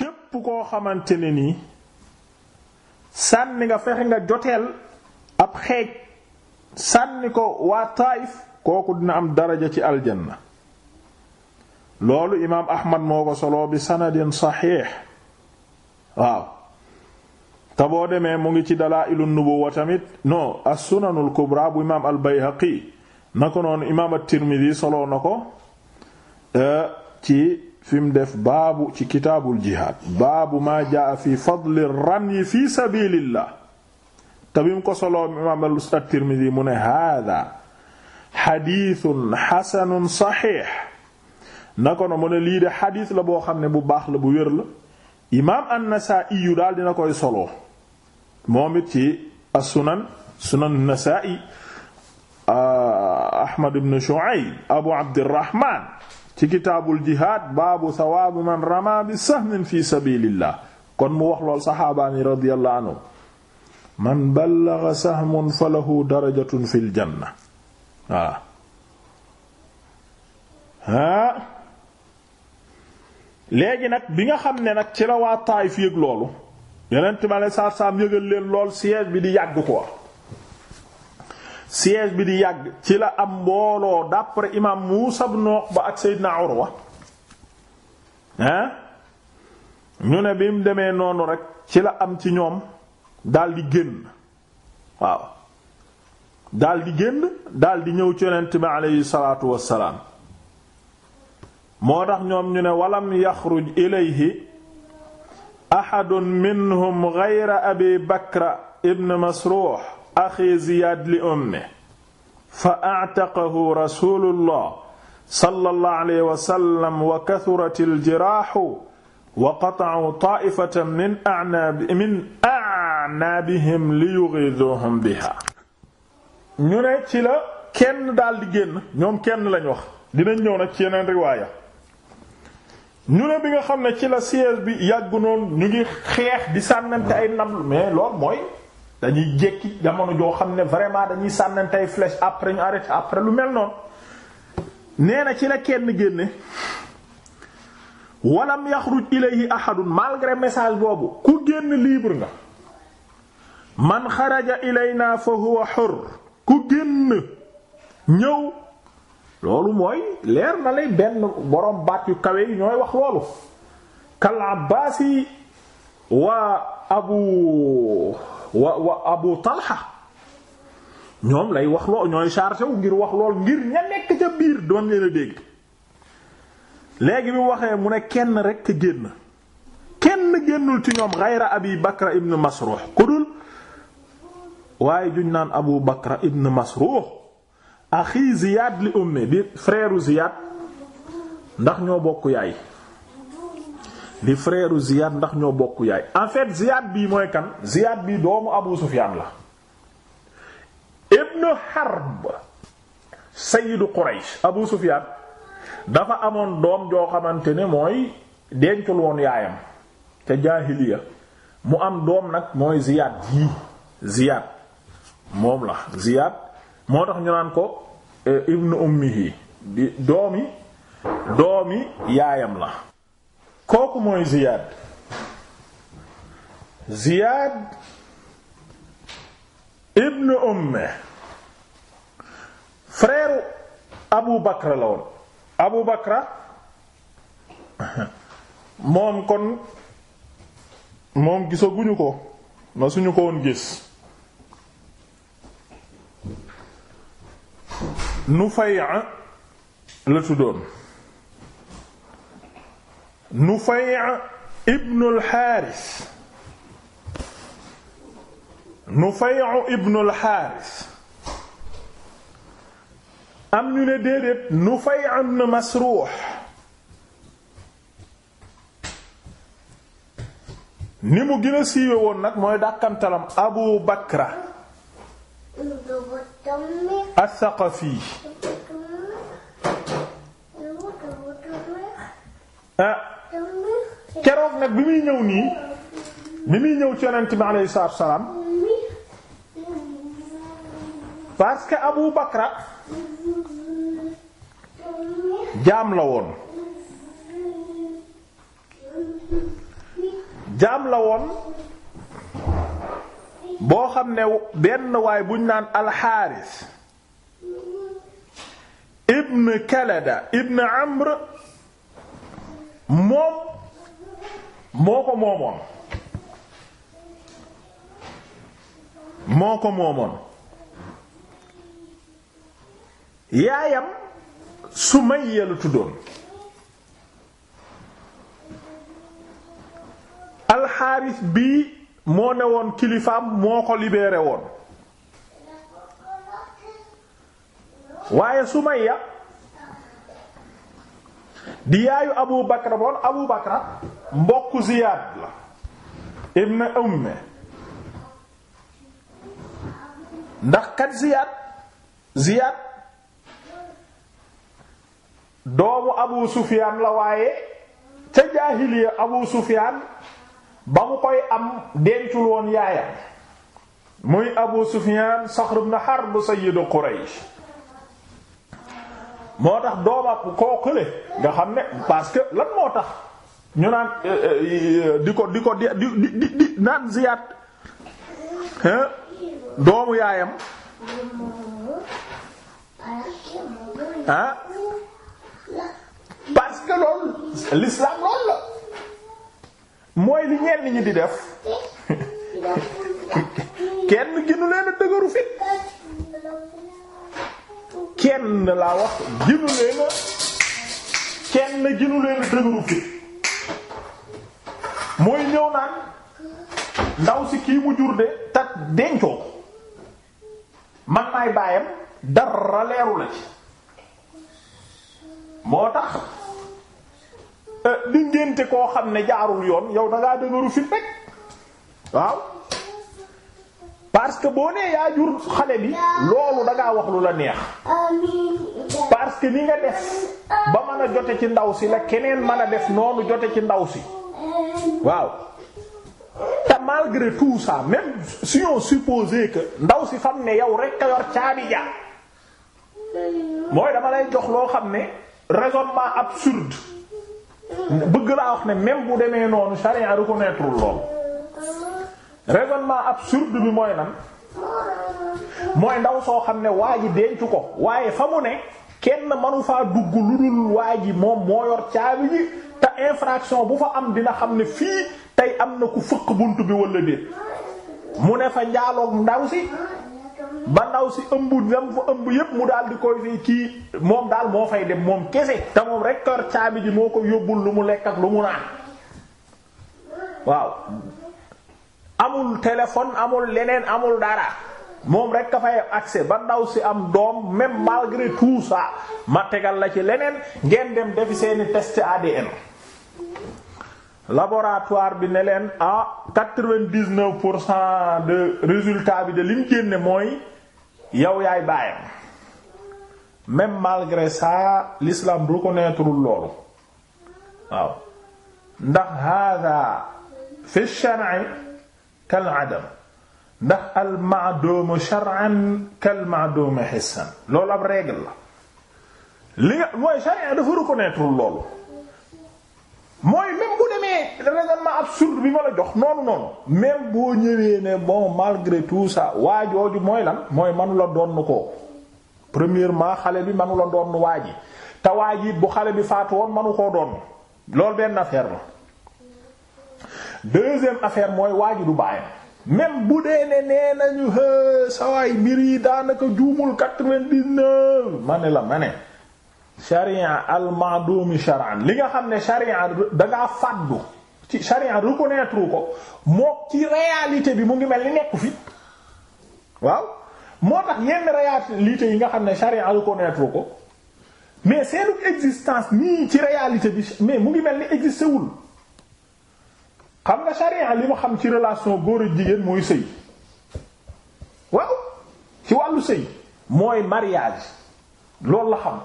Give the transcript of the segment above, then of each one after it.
képp koo xamante ne nii sànni nga fexe nga joteel ab xeej sànni ko waa Taayif kooku dina am daraja ci aljanna loolu imaam Ahmad moo ko soloo bi sanadin saxiix waaw te boo demee mu ngi ci Dalaa'ilu Nubuwwa tamit no as-Sunanul Kubra bu imaam al-Bayhaqi na ko noonu imaam at-Tirmidhi soloo na ko eh, ci. fi def baabu ci kitaabul jihaad baabu maa jaa fi fadli ramy fi sabilillah te bi mu ko soloo imaam at-Tirmidhi mu ne haadaa xadiisun xasanun saxiix na ko mu ne lii de xadiis la boo xam ne bu baax la bu wér la imaam an-Nasaa'i daal dina koy soloo moom it ci as-sunan sunan an-Nasaa'i ah, Ahmad ibn Shu'ayb Abu Abdirrahmaan ci kitaabul jihaad baabu sawaabu man rama bi sahmin fi sabilillah kon mu wax lool saxaabaani radiyallahu anhu man ballaga sahmun falahu darajatun fil janna waaw haa léegi nag bi nga xam ne nag ci la waa Taayif yëg loolu yeneen ma le saar saam yëgal leen lool siège bi di yàgg ko siège bi di yàgg ci la am mbooloo d'après imam Muusa ibn Uqba ak Seydina Urwa hein ñu ne bi mu demee noonu rek ci la am ci ñoom daldi génn waaw daldi génn daldi ñëw ci yonent bi aleyhi salaatu wassalaam moo tax ñoom ñu ne walam yaxruj ilayhi ahadun minhum ghayra abi bakra ibn masruux axi Ziyaad li umme fa a'taqahu rasulullah sallallahu alayhi wa sallam wa kasuratil jiraahu wa qata'u taa'ifatan min a'naab min a'naabihim liyughiizuhum biha ñu ne ci la kenn daal di génn ñoom kenn lañ wax dinañ ñëw nag ci yeneen riwaaya ñu ne bi nga xam ne ci la siège bi yàgg noonu ñu ngi xeex di sànnante ay nablu mais lool mooy. dañuy jékki jamono joo xam ne vraiment dañuy sànnantey flèche après ñu arrêté après lu mel noonu nee na ci la kenn génne walam yaxruj ilayhi ahadun malgré message boobu ku génn libre nga man xaraja ilayna fa huwa xor ku génn ñëw loolu mooy leer na lay benn borom baat yu kawe yi ñooy wax loolu kal abbaasi waa abu wa wa Abu Talha ñoom lay wax lool ñooy chargé wu ngir wax lool ngir ña nekk ca biir doon leen dégg léegi bi mu waxee mu ne kenn rek génn kenn génnul ci ñoom xayra abi bakra ibn masruux ku dul waaye juñ naan abu bakra ibn masruux axi ziyaad li ummi di frère ziyaad ndax ñoo bokk yaay li frère Ziyad ndax ñoo bokk yaay en fait Ziyad bii mooy kan Ziyad bi doomu Abu Sufyan la ibnu Harb sayyidu Quraysh Abu Sufyan dafa amoon doom joo xamante ne mooy dencul yaayam ca jaahiliya mu am doom nag mooy Ziyad yii Ziyad moom la Ziyad moo tax ñu naan ko eh, ibnu ummihi di doomi doomi yaayam la kooku mooy Ziyaad Ziyaad ibn Umme frère Abu Bakra la woon Abu Bakra moom kon moom gisaguñu ko ma suñu ko woon gis Nufay' la tuddoon Nufay' ibn al-Haaris Nufay' ibn al-Haaris am ñu ne déedéet Nufay' ibn Masruux ni mu gën a siiwe woon nag mooy dàkkantalam Abu Bakra as-Saqafi ah, keroog nag bi muy ñëw nii bi muy ñëw ci yonent bi alayhi salaatu salaam parce que Abu Bakra jaam la woon jaam la woon boo xam ne benn waay buñ naan alxaaris ibn Kalada ibn Amr moom moo ko moomoon moo ko moomoon yaayam Sumayya la tuddoon alxaaris bii moo ne woon kilifaam moo ko libéré woon waaye Sumayya di yaayu Abu Bakra boon Abu Bakra mbokku Ziyaad la ibn Umme ndax kat Ziyaad Ziyaad doomu Abu Sufyaan la waaye ca jaahiliya Abu Sufyaan ba mu koy am dencul yaayam muy Abu Sufyaan Saxr ibn sayyidu Quraysh moo tax doomam koo kële nga xam ne parce que lan moo tax ñu naan euh, euh, di ko di ko di di di naan ziyaat doomu yaayam ah parce que loolu l'islam loolu la mooy li ñenn ñi di def kenn ginu leen dëgëru fit kenn laa wax ginu na kenn ginu leen dëgëru fit mooy ñëw naan ndaw si kii mu jur de tat dencoo ko man maay baayam dara leeru la ci moo tax eh, di ngénte koo xam ne jaarul yoon yow dangaa dëgëru fit rek waaw parce que boo nee yaa jur xale bi loolu da ngaa wax lu la neex parce que ni nga def ba mën a jote ci ndaw si la keneen mën a def noonu jote ci ndaw si waaw te malgré tout ça même si on supposait que ndaw si fam ne yow rek a yor caabi ja mooy dama lay jox loo xam ne raisonnement absurde bëgg laa wax ne même bu demee noonu charia reconnaître loolu raisonnement absurde bi mooy lan mooy ndaw soo xam ne waa ji dencu ko waaye fa mu ne kenn manu faa dugg lu dul waa moom moo yor caabi ji te infraction bu fa am dina xam ne fii tey am na ku fëq bunt bi wala déet mu ne fa njaaloog ndaw si ba ndaw si ëmb dem fa ëmb yépp mu daal di koy fii kii moom daal moo fay dem moom kese te moom rek yor caabi ji moo ko yóbbul lu mu lekk ak lu mu naan waaw amul téléphone amul leneen amul dara moom rek ka fay ba ndaw si am doom même malgré tout ça ma tegal la ci leneen ngeen dem defi seeni test ADN laboratoire bi ne leen à ah, quatre pour cent de résultat bi de lim génne mooy yow yaay bàyyam même malgré ça l'islam reconnaître loolu ndax hada fi shar'i kal adam ndax al ma'dum shar'an kal ma'dum hissan loolu ab règle la li mooy sharia dafa reconnaître loolu mooy même bu demee raisonnement absurde bi ma la jox noonu noonu même boo ñëwee ne bon malgré tout ça waa mooy lan mooy manu la doon ko premièrement xale bi manu la doon waa ji te waa ji bu xale bi faatu woon manu koo doon loolu benn affaire la. deuxième affaire mooy waaju du bàyyam même bu dee ne nee nañu sawaay mbir yi daanaka juumul quatre vingt dix ma ne la ma ne sharia almadumi sharan li nga xam ne sharia dangaa fàddu ci sharia reconnaître ko moo ci réalité bi mu ngi mel ni nekku fi waaw moo tax yenn réalité yi nga xam ne sharia reconnaître ko mais seenu existence nii ci réalité bi mais mu ngi mel ni existé wul xam nga sharia li mu xam ci relation góor ak jigéen mooy sëy waaw ci wàllu sëy mooy mariage loolu la xam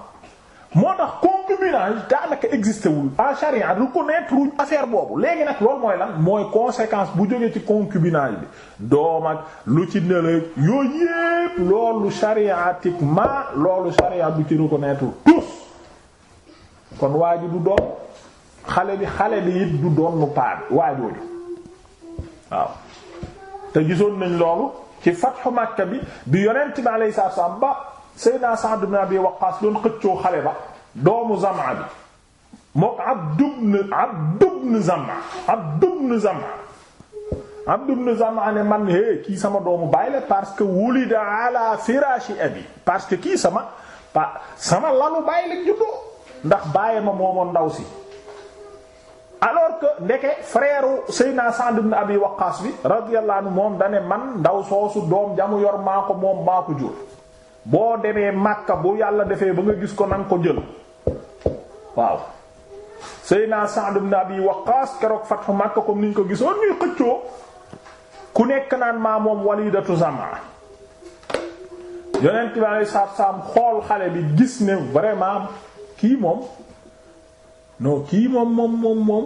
moo tax concubinage daanaka existé wul en charia reconnaître wuñ boobu léegi nag loolu mooy lan mooy conséquence bu jógee ci concubinage bi doom ak lu ci nële yooyu yépp loolu chariatiquement loolu charia du ci reconnaître tous kon waa ji du doom xale bi xale bi it du doon mu paa bi waajooju waaw te gisoon nañ loolu ci fatxu Makka bi bi yonent bi alayhi salaatu salaam ba Seydina Sa'd ibn Abi Waqqaas doon xëccoo xale ba doomu Zam'a bi moo Abd ibn Abd ibn Zam'a Abd ibn Zam'a Abd ibn Zam'a ne man hé kii sama doomu baay la parce que wulida ala firaashi abi parce que kii sama pa sama lalu baay la juddoo ndax baay ma moomoon ndaw si alors que ndeke frère Seyna Sa'd ibn Abi Waqqas bi radiyallahu anhu moom dane man ndaw soosu doom jamu yor maa ko moom maa ko jur boo demee Makka bu yàlla defee ba nga gis ko nanga ko jël waaw Seyna Sa'd ibn Abi Waqqas keroog fatxu Makka comme niñ ko gisoon ñuy xëccoo ku nekk naan maa moom walidatu Zam'a yonent bi alayhi salaam xool xale bi gis ne vraiment kii moom non kii moom moom moom moom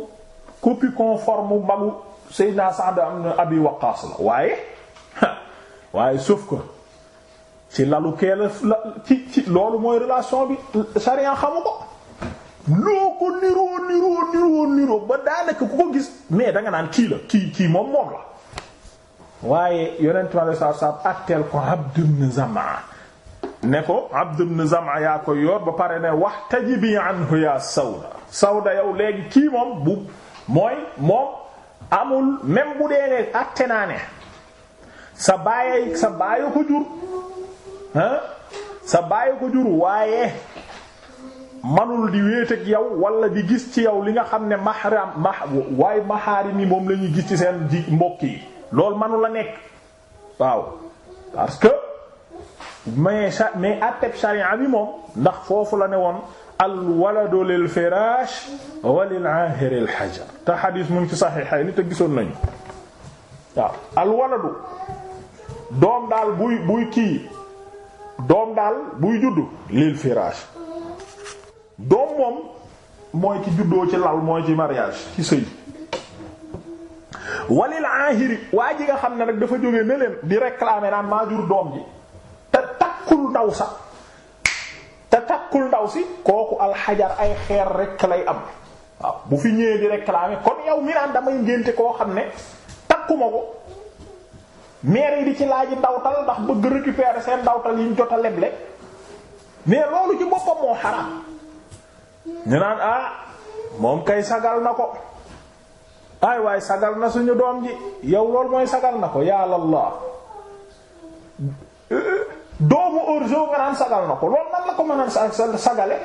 copie conforme bagu Seydina Sa'd am na Abi Waqqas la waaye waaye sauf que ci lalu kee la ci loolu mooy relation bi sariya xamu ko loo ko niroo niroo niroo niroo ba daanaka ku ko gis mais danga naan kii la kii kii moom moom la waaye yonent mi alei satu salam atteel ko Abd ne ko Abd ibn Zam'a yaa koy yor ba pare ne wax tajibi anhu yaa Sawda Sawda yow léegi kii moom bu mooy moom amul même bu dee ne àtte naa ne sa baay sa baay ko jur sa baay ko jur waaye manul di wéet ak yow wala di gis ci yow li nga xam ne mahram mah waaye mahaarim yi moom lañuy ñuy gis ci seen ji mbokk yi loolu manu la nekk waaw parce que. mais mais atteb sharia bi moom ndax foofu la ne woon alwaladu lil firaash wa lil aahiri hajar te xadiis mu ngi ci saxiixa ni te gisoon nañu waaw alwaladu doom daal buy buy kii doom daal buy juddu lil firaash doom moom mooy ci juddoo ci lal mooy ci mariage ci sëy walil aahiri waa ji nga xam ne nag dafa jóge ne leen di réclamer naan maa doom ji te takkul ndaw te takkul ndaw si kooku alxajar ay xeer rekk lay am waaw bu fi ñëwee di réclamer kon yaw mi naan damay ngénte koo xam ne takkuma ko maire yi di ci laaj ndawtal ndax bëgg récupérer seen ndawtal yi ñu jot a leble mais loolu ci boppam moo xaraam ñu naan ah moom kay sagal na ko ay waay sagal na suñu doom ji yow loolu mooy sagal na ko yàlla doomu orgeau nga naan sagal na ko loolu nan la ko mën a sagale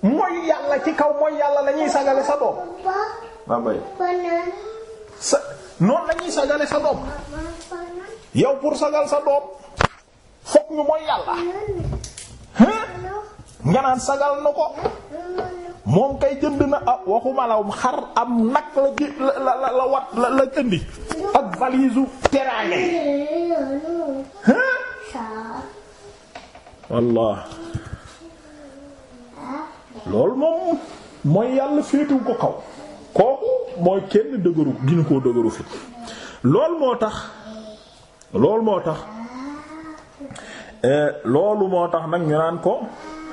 mooy yàlla ci kaw mooy yàlla lañuy sagale sa doom sa lañuy sagale sa doom yow pour sagal sa doom fokk ñu mooy yàlla nga naan sagal na ko moom kay jënd na a ah, waxuma la xar am nag la la la la wat ak valise u wallah loolu moom mooy yàlla féetuwu ko kaw kooku mooy kenn dëgëru ginu koo dëgëru fi loolu moo tax loolu moo tax eh, nag ñu naan ko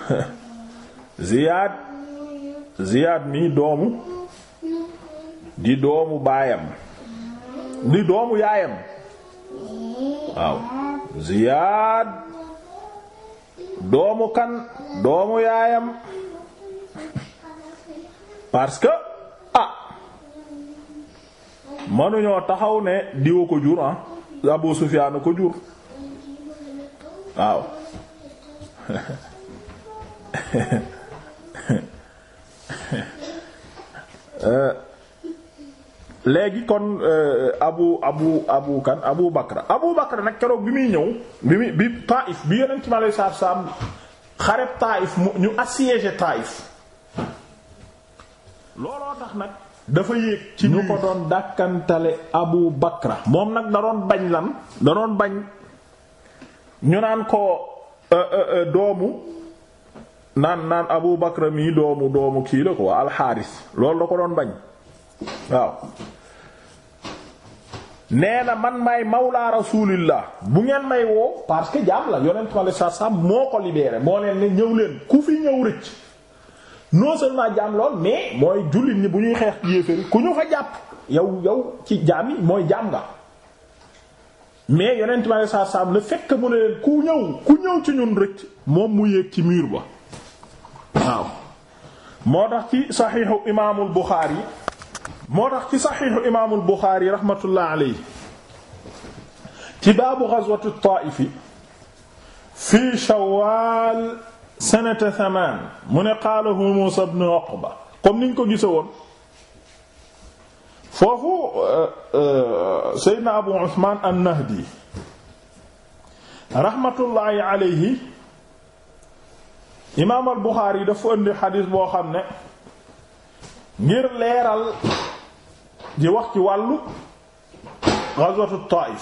Ziyaad Ziyaad mi doomu di doomu baayam di doomu yaayam waaw Ziyaad doomu kan doomu yaayam parce que ah manuñoo taxaw ne diwa ko jur ah Abu Sufyaan ko jur waaw léegi kon euh, abu abu abu kan abu bakra abu bakra nag keroog bi muy ñëw bi muy bi taif bi yeneen ci ma lay saaf saam xareb taif mu ñu assiégé taif looloo tax nag dafa yéeg ci ñu ko doon dàkkantale abu bakra moom nag da doon bañ lan da doon bañ ñu naan ko euh, euh, doomu naan naan abu bakra mii doomu doomu kii la ko alxaaris loolu da ko doon bañ waaw nee na man may mawla rasulillah bu ngeen may woo parce que jaam la yonent ma le sa sa moo ko libéré moo leen ne ñëw leen ku fi ñëw rëcc non seulement jaam lool mais mooy jullit ñi bu ñuy xeex yéeféri ku ñu fa jàpp yow yow ci jaam yi mooy jaam nga mais yonent ma le sa sa le fait que mu ne leen ku ñëw ku ñëw ci ñun rëcc moom mu yéeg ci miir ba waaw moo tax ci saxiixu imaamul Buxaari moo tax ci saxiixu imaamul Buxaari rahmatullah alayhi ci baabu gazwatu Taa'if fii Shawwaal sanata thamaan mu ne qaalahu Muusaa ibn Uqba comme niñ ko gisa woon foofu euh, euh, Seydina Abu Usmaan an-Nahdi rahmatullahi alayhi imaam al Buxaari dafa indi xadiis boo xam ne ngir leeral di wax ci wàllu ghazwatu Taif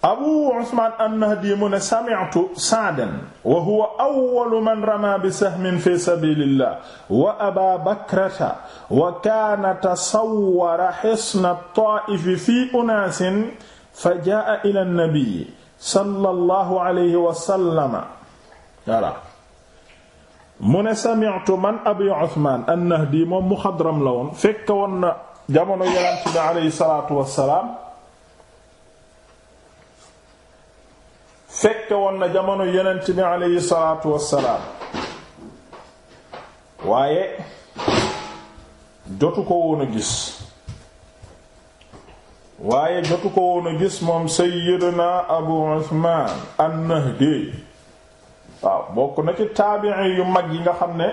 abu usman annahdi mu ne sami'tu sa'dan wa huwa awwalu man rama bi sahmin fi sabilillah wa aba bakrata wa kaana tasawwara hisna taifi fi unaasin fa jaa ila nnabii sallallahu alayhi wa sallama voilà mu ne sami'tu man abi Usmaan an-Nahdi moom muxadram la woon fekk woon na jamono yonent bi aleyhi woon na jamono yonent bi aleyhi salaatu wassalaam waaye jotu ko woon a gis waaye jotu ko woon a gis moom sayyidina Abu Usmaan an-Nahdi waaw bokk na ci taabi'i yu mag yi nga xam ne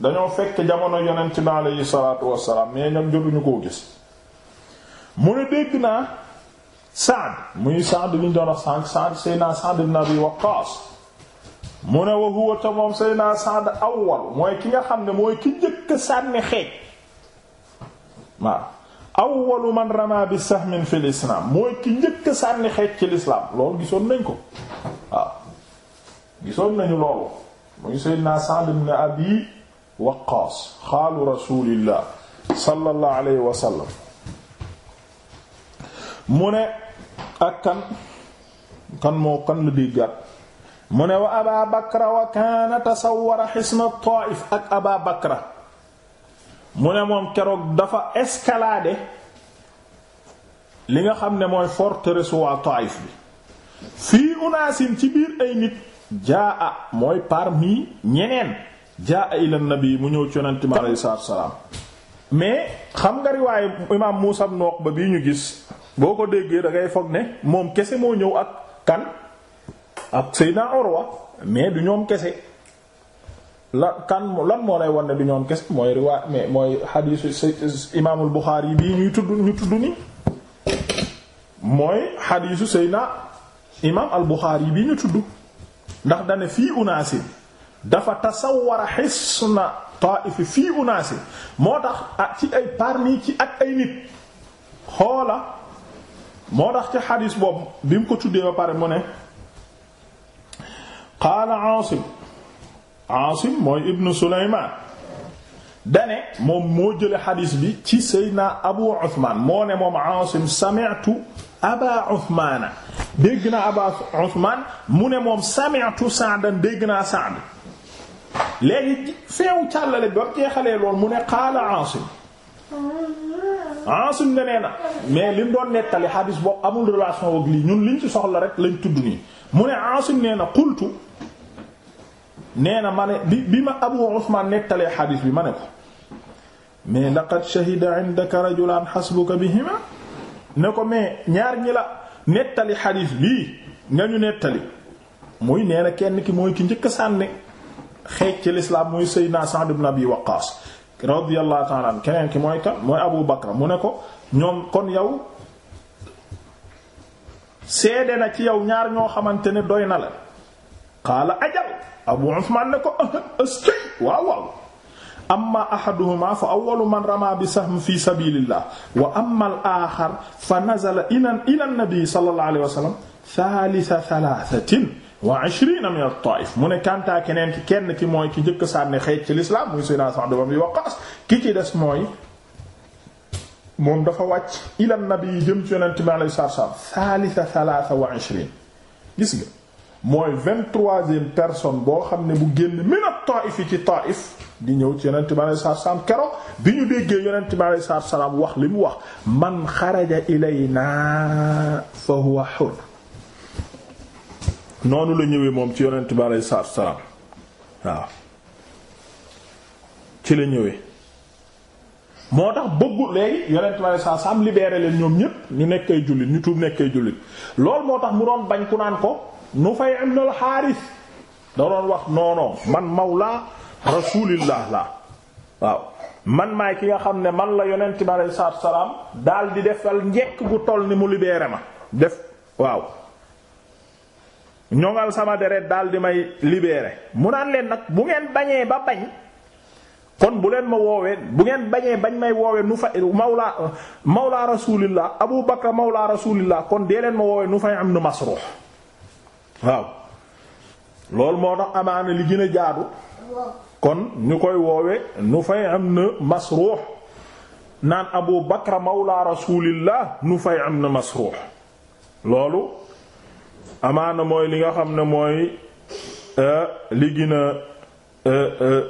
dañoo fekk jamono yonent bi aleyhi salaatu wassalaam mais ñoom jotuñu koo gis mu ne dégg naa Saad muy Saad bi ñu doon wax sànq Saad Seydina Saad ibn Abi Waqqaas mu ne wa huwa ta moom Seydina Saad awwal mooy ki nga xam ne mooy ki njëkk sànni xeej waaw awwalu man rama bi sahmin fil islam mooy ki njëkk sànni xeej ci lislaam loolu gisoon nañ ko waaw gisoon nañu loolu muy Seydina Sa'd ibn Abi Waqqaas xaalu rasulillah sallallahu alayhi wa mu ne ak kan kan moo kan la déggaat mu ne wa Aba Bakra wa kaana tasawwara xisna Taa'if ak Aba Bakra mu ne moom keroog dafa escalader li nga xam ne mooy forteresse waa Taa'if bi fii unaasin ci biir ay nit jaa a mooy parmi ñeneen jaa a ila nabi mu ñëw ci yonent mi salaam mais xam nga riwaayu imaam Muusaa ibn Uqba bii ñu gis boo ko déggee da ngay foog ne moom kese moo ñëw ak kan ak Seydina Urwa mais du ñoom kese la kan lan moo lay won ne du ñoom kese mooy riwaay mais mooy xadiisu imaamul Buxaari bii ñuy tudd ñu tudd ni mooy xadiisu Seydina imaam al Buxaari bii ñu tudd ndax dane fii unaasin dafa tasawara xisna taaifi fii unaasin moo tax ak ci ay parmi ci ak ay nit xoola moo tax ci xadiis boobu bi mu ko tuddee ba pare mu ne qaala aasim aasim mooy ibnu suleymaan dane moom moo jële xadiis bi ci seydna abu usmaan moo ne moom aasim sami'tu aba usmaana dégg naa aba usmaan mu ne moom sami'tu sa'dan dégg naa sa'd léegi feewu càllale ba jeexalee lool mu ne qaala aasim aasim ne nee mais li mu doon nettali xadiis boobu amul relation ak lii ñun liñ ci soxla rek lañ tudd nii mu ne aasim nee na qultu nee na ma ne bi bi ma abu usmaan nettalee xadiis bi ma ne ko mais laqad shahida indaka rajulan hasbuka bihima ne ko mais ñaar ñi la nettali xadiis bii nga ñu nettali muy nee na kenn ki mooy ki njëkk sànni xeej ci lislaam muy sayyidina Sa'd ibn Abi Waqqas radiyallahu ta'ala an keneen ki mooy kan mooy Abu Bakr mu ne ko ñoom kon yow seede na ci yow ñaar ñoo xamante ne doy na la qaala ajal Abu Uthman ne ko ëskay waaw waaw amma ahaduhuma fa awwalu man rama bi sahm fi sabilillah wa amma al axar fa nazala ila ila nabi sallallahu alayhi wa sallam thalitha thalathatin wa ishrina min at-Taif mu ne kantaa keneen ki kenn ki mooy ki njëkk sànni xeej ci lislaam muy Seydina Sa'd ibn Abi Waqqas ki ci des mooy moom dafa wàcc ila nabi jëm ci yonent bi alayhi salaatu wa salaam thalitha thalatha wa ishrina gis nga mooy vingt-troisième personne boo xam ne bu génn min at-Taif ci Taif di ñëw ci yonent bi alayhi salaatu salaam keroog bi ñu déggee yonent bi alayhi salaatu salaam wax li mu wax man xaraja ilayna fa huwa hur noonu la ñëwee moom ci yonent bi alayhi salaatu salaam waaw ci la ñëwee moo tax bëggu léegi yonent bi alayhi salaatu salaam libéré leen ñoom ñépp ñu nekk ay jullit ñu tuub nekk jullit loolu moo tax mu doon bañ ku naan ko nu fay ibnul Haaris da doon wax non non man mawla rasulillah la waaw man maay ki nga xam ne man la yonent bi aleyhi salaatu salaam daal di defal njekk gu tol ni mu libeere ma def waaw ñoŋal sama deret daal di may libéré mu naan leen nag bu ngeen bañee ba bañ kon bu leen ma woowee bu ngeen bañee bañ may woowee nu fay mawla mawla rasulillah abu bakar mawla rasulillah kon dee leen ma woowee nu fa am nu masruux waaw loolu moo tax amaana li gën a jaadu kon ñu koy woowee woowe Nufay ibn Masruh naan Abu Bakr mawla fay am na Masruh loolu amaana mooy li nga xam ne mooy euh, li gën a euh, euh,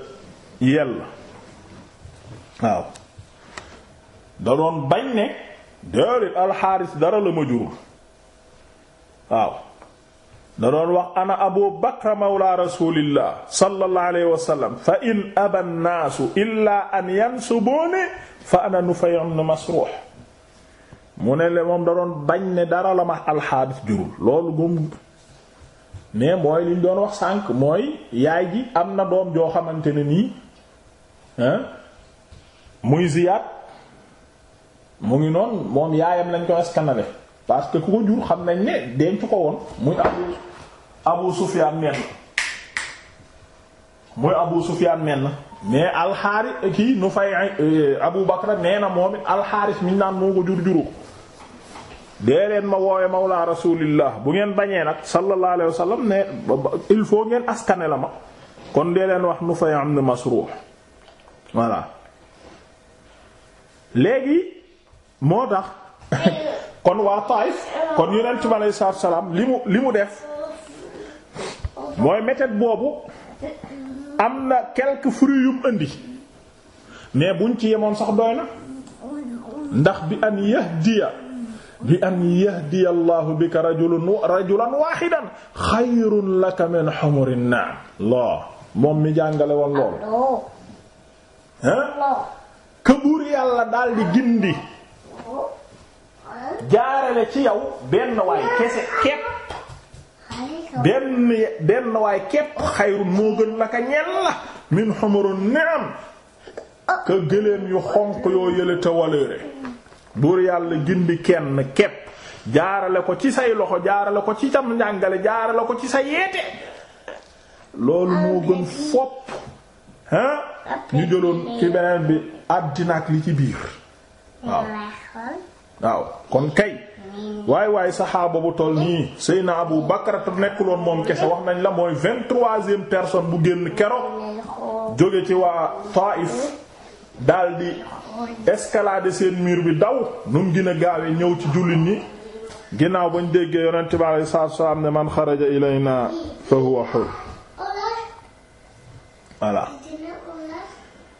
yell waaw da doon bañ ne déedéet alxaaris dara la ma jurul waaw da doon wax ana abu bakra mawla rasulillah sallallahu alayhi wa sallam fa in aba nnaasu illa an yansubuuni fa ana nufay' ibn masruh mu ne le moom da doon bañ ne dara la ma alxaadis jurul loolu moom mais mooy liñ doon wax sànq mooy yaay ji am na doom joo xamante ne nii muy ziyaat mu ngi noonu moom yaayam lañ ko askanale parce que ku ko jur xam nañ ne denc ko woon muy am Abu Sufyan menn mooy Abu Sufyan menn mais alxaaris kii nu fay eh, Abu Bakra nee na moom alxaaris mi naan moo ko jur juru ko dee leen ma woowe mawla rasulillah bu ngeen bañee nag sallallahu alayhi ne il faut ngeen askane la ma kon dee leen wax nu fay am na Masruh voilà léegi moo tax kon waa Taif kon yonent bi alayhi salaam li mu li mu def mooy metet boobu am na quelques fruits yum indi mais buñ ci yemoon sax doy na ndax bi an yahdiya bi an yahdiya allahu bika rajulan wahidan xayrun laka min humurin na'am loo moom mi jàngale woon loolu ah yàlla daal di gindi jaarale ci yow benn waay kese kepp benn benn waay képp xayrun moo gën la ka ñel la min xumurun ka gëléem yu xonq yoo yële te buur yàlla gindi kenn képp jaarale ko ci say loxo jaarale ko ci tam njàngale jaarale ko ci sa yeete loolu moo gën fopp hein ñu jëloon ci beneen bi àddina ak li ci biir waaw waaw kon kay waay waay saxaaba bu toll nii Seyna Abu Bakr te nekkuloon moom kese wax nañ la mooy vingt-troisième personne bu génn keroog jóge ci waa Taif daldi escalader seen mur bi daw nu mu gën a gaawee ñëw ci jullit ñi ginnaaw bañ déggee yonent bi alayhi salaatu wassalaam ne man xaraja ilayna fa huwa hur voilà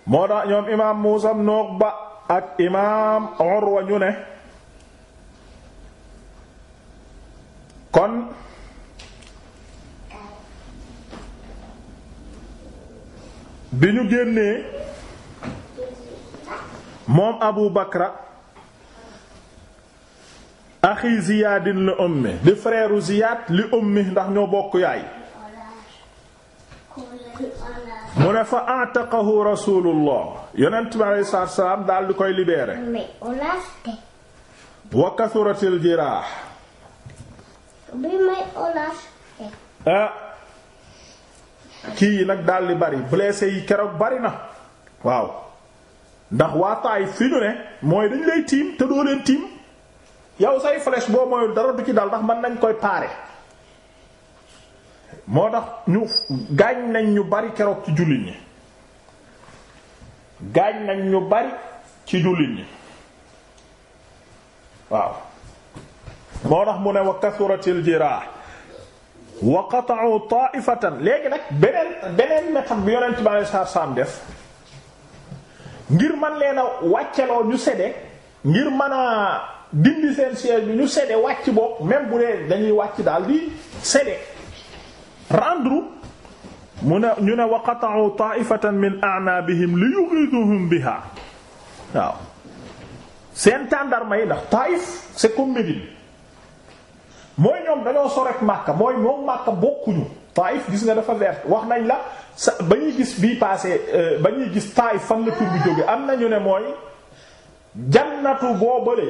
moo tax ñoom imaam Muusaa ibn Uqba ak imaam Urwa ñu ne kon bi ñu génnee moom Abu Bakra axi Ziyaadin li ummi di frère Ziyaad li ummi ndax ñoo bokk yaay mu ne fa ataqahu rasulullah yonent bi alayhi salaatu salaam daal di koy libéré wa kasuratil jiraax Eh. ah kii yi nag daal di bari blessé yi keroog bari na waaw ndax waa Taayif fi ñu ne mooy dañ lay tiim te doo leen tiim yow say flèche boo mooyul dara du ci dal ndax mën nañ koy paare moo tax ñu gaañ nañ ñu bari keroog ci jullit ñi gaañ nañ ñu bari ci jullit ñi waaw moo tax mu ne wa kasuratil jirah wa qata'u ta'ifatan léegi nag beneen beneen méthode bi yonent bi alayhi salaam def ngir man leen a wàcceloo ñu sede ngir mën a dindi seen siège bi ñu sede wàcc bopp même bu dee dañuy wàcc daal di sede rendre mu ne ñu ne wa qata'u ta'ifatan min a'nabihim li yughiduhum biha waaw seen tàndarma yi ndax Taïf c'est comme mooy ñoom dañoo sorek Makka mooy moom Makka bokkuñu Taif gis nga dafa vert wax nañ la sa ba ñuy gis bii passé euh, ba ñuy gis Taif fan la tur bi jóge am nañu ne mooy jannatu boobale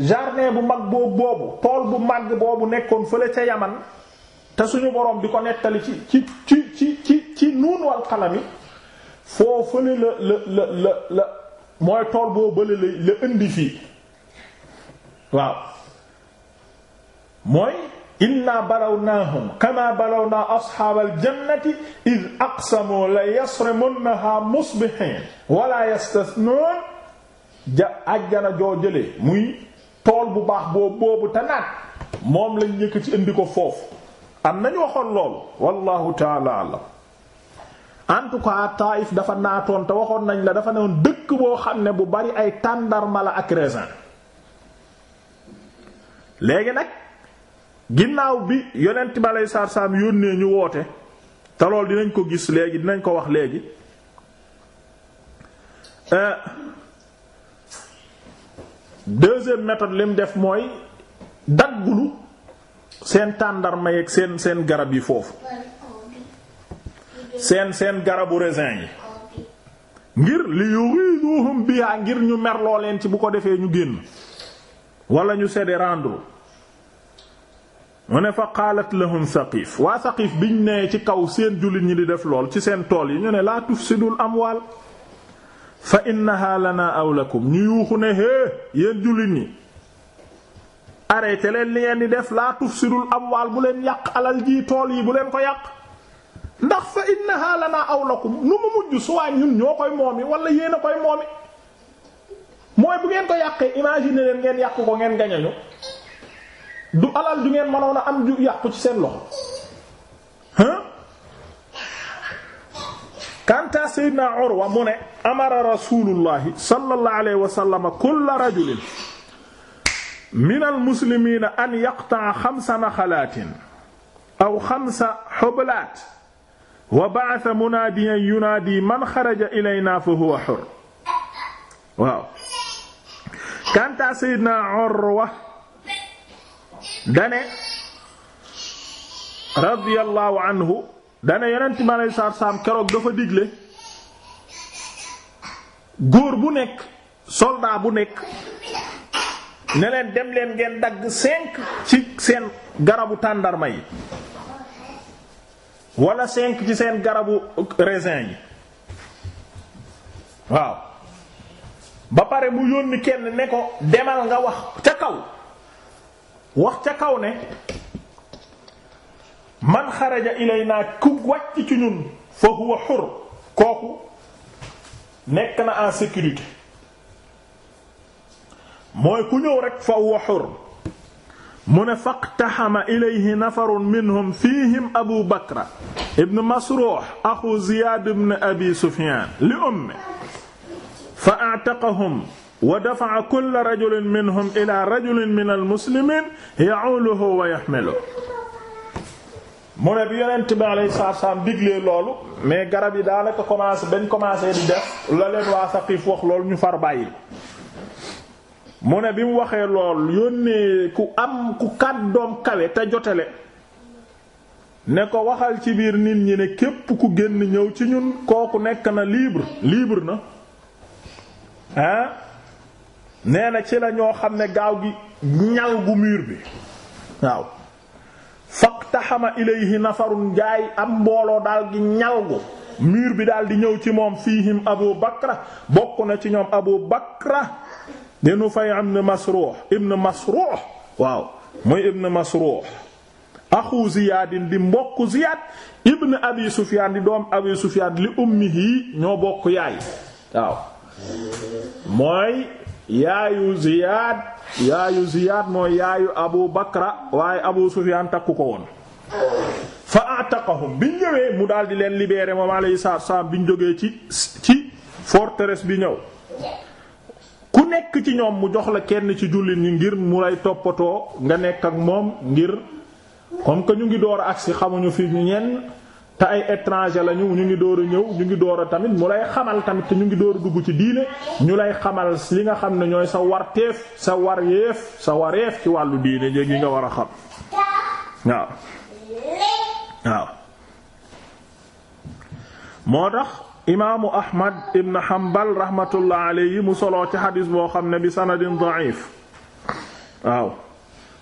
jardin bu mag boobu tool bu mag boobu nekkoon fële ca Yaman te suñu boroom di ko nettali ci ci ci ci ci ci nuun wal xalami foo fële la la la la mooy tool boobale la la indi fii waaw mooy inna balawnaahum kama balawna asxaabal jannati id aqsamu la yasrimunnaha musbihin wala yastasnoon ja ajjana joo jëlee muy tool bu baax boobu boobu tanaat moom lañ yëkk ci indi ko foofu am nañu waxoon lool wallahu taala alam en tout cas Taïf dafa naatoon te waxoon nañ la dafa newoon dëkk boo xam ne bu bari ay tàndarmala la ak raisin léegi nag ginnaaw bi yonent bi aleyhi salaatu salaam yónnee ñu woote te lool dinañ ko gis léegi dinañ ko wax léegi euh, deuxième méthode li mu def mooy daggulu seen tàndarma yeeg seen seen garab yi foofu seen seen garabu raisin yi ngir li yuriduhum biha ngir ñu merloo leen ci bu ko defee ñu génn wala ñu céder rendre mu ne fa qaalat lahum saqif waa bi ñu nee ci kaw seen jullit ñi di def lool ci seen tool yi ñu ne laa tufsidul amwaal fa innaha lana aw lakum ñu yuuxu ne hé yéen jullit ñi arrêté leen li ngeen di def laa tufsidul amwaal bu leen yàq alal ji tool yi bu leen ko yàq ndax fa innaha lana aw lakum nu mu mujj suwaa ñun ñoo koy moomi wala yéen a koy moomi mooy bu ngeen ko yàqee imagine leen ngeen yàqu ko ngeen gañañu du alal ju ngeen mënoon a am ju yàqu ci seen loxo hein kanta sayyidina Urwa mu ne amara rasulullahi sallallahu alayhi wa sallam kulla rajulin min almuslimina an yaqta'a xamsa naxalaatin aw xamsa xublaat wa ba'atha munaadiyan yunaadi man xaraja ilayna fa huwa xur waaw kanta sayyidina Urwa dane radiyallahu anhu dane yonent mi aleyhi salaatu salaam keroog dafa digle góor bu nekk soldat bu nekk ne leen dem leen ngeen dagg cinq ci seen garabu tàndarma yi wala cinq ci seen garabu raisin yi waaw ba pare mu yónni kenn ne ko demal nga wax ca kaw wax ca kaw ne man xaraja ilayna ku wàcc ci ñun fa huwa xur kooku nekk na en sécurité mooy ku ñëw rek fa huwa xur mu ne faqtaxama ilayhi nafarun minhum fihim abu bakra ibn masruux axu ziyaad ibn abi sufyaan li umme fa ataqahum wa dafa'a kulla rajulin minhum ila rajulin min almuslimiin ya'uluhu wa yahmiluhu mu ne bi yonent bi alayhi salaatu salaam diglee loolu mais garab yi daanaka commencé bañ commencé di def la leen waa Saqiif wax loolu ñu far bàyyi mu ne bi mu waxee lool yónnee ku am ku doom kawe te jotele ne ko waxal ci biir nit ñi ne képp ku génn ñëw ci ñun kooku nekk na libre liibre na ah nee na ci la ñoo xam ne gaaw gi ñal gu mur bi waaw faqtaxama ilayhi nafarun jaay am mbooloo daal gi ñal gu mur bi daal di ñëw ci moom fiihim abu bakra bokk na ci ñoom abu bakra di fay ibn Masruh ibn Masruh waaw muy ibn Masruh axu Ziyaadin di mbokk Ziyaad ibn Abi Sufyaan di doom Abi Sufyaan li ummihi ñoo bokk yaay waaw mooy yaayu Ziyaad yaayu Ziyaad mooy yaayu Abu Bakra waaye Abu Sufyaan takku ko woon fa ataqahum bi ñëwee mu daldi leen libeere moom alayhi salaatu salaam bi ñu jógee ci ci forteres bi ñëw ku nekk ci ñoom mu jox la kenn ci jullit ñi ngir mu lay toppatoo nga nekk ak moom ngir comme que ñu ngi door agsi xamuñu fi ñenn te ay étranger lañu ñu ngi door a ñëw ñu ngi door a tamit mu lay xamal tamit te ñu ngi door a dugg ci diine ñu lay xamal li nga xam ne ñooy sa warteef sa wareef sa wareef ci wàllu diine jéeg yi nga war a xam waaw waaw moo tax imaamu ahmad ibn hanbal rahmatullah alayhi mu soloo ci xadis boo xam ne bi sanadin da'if waaw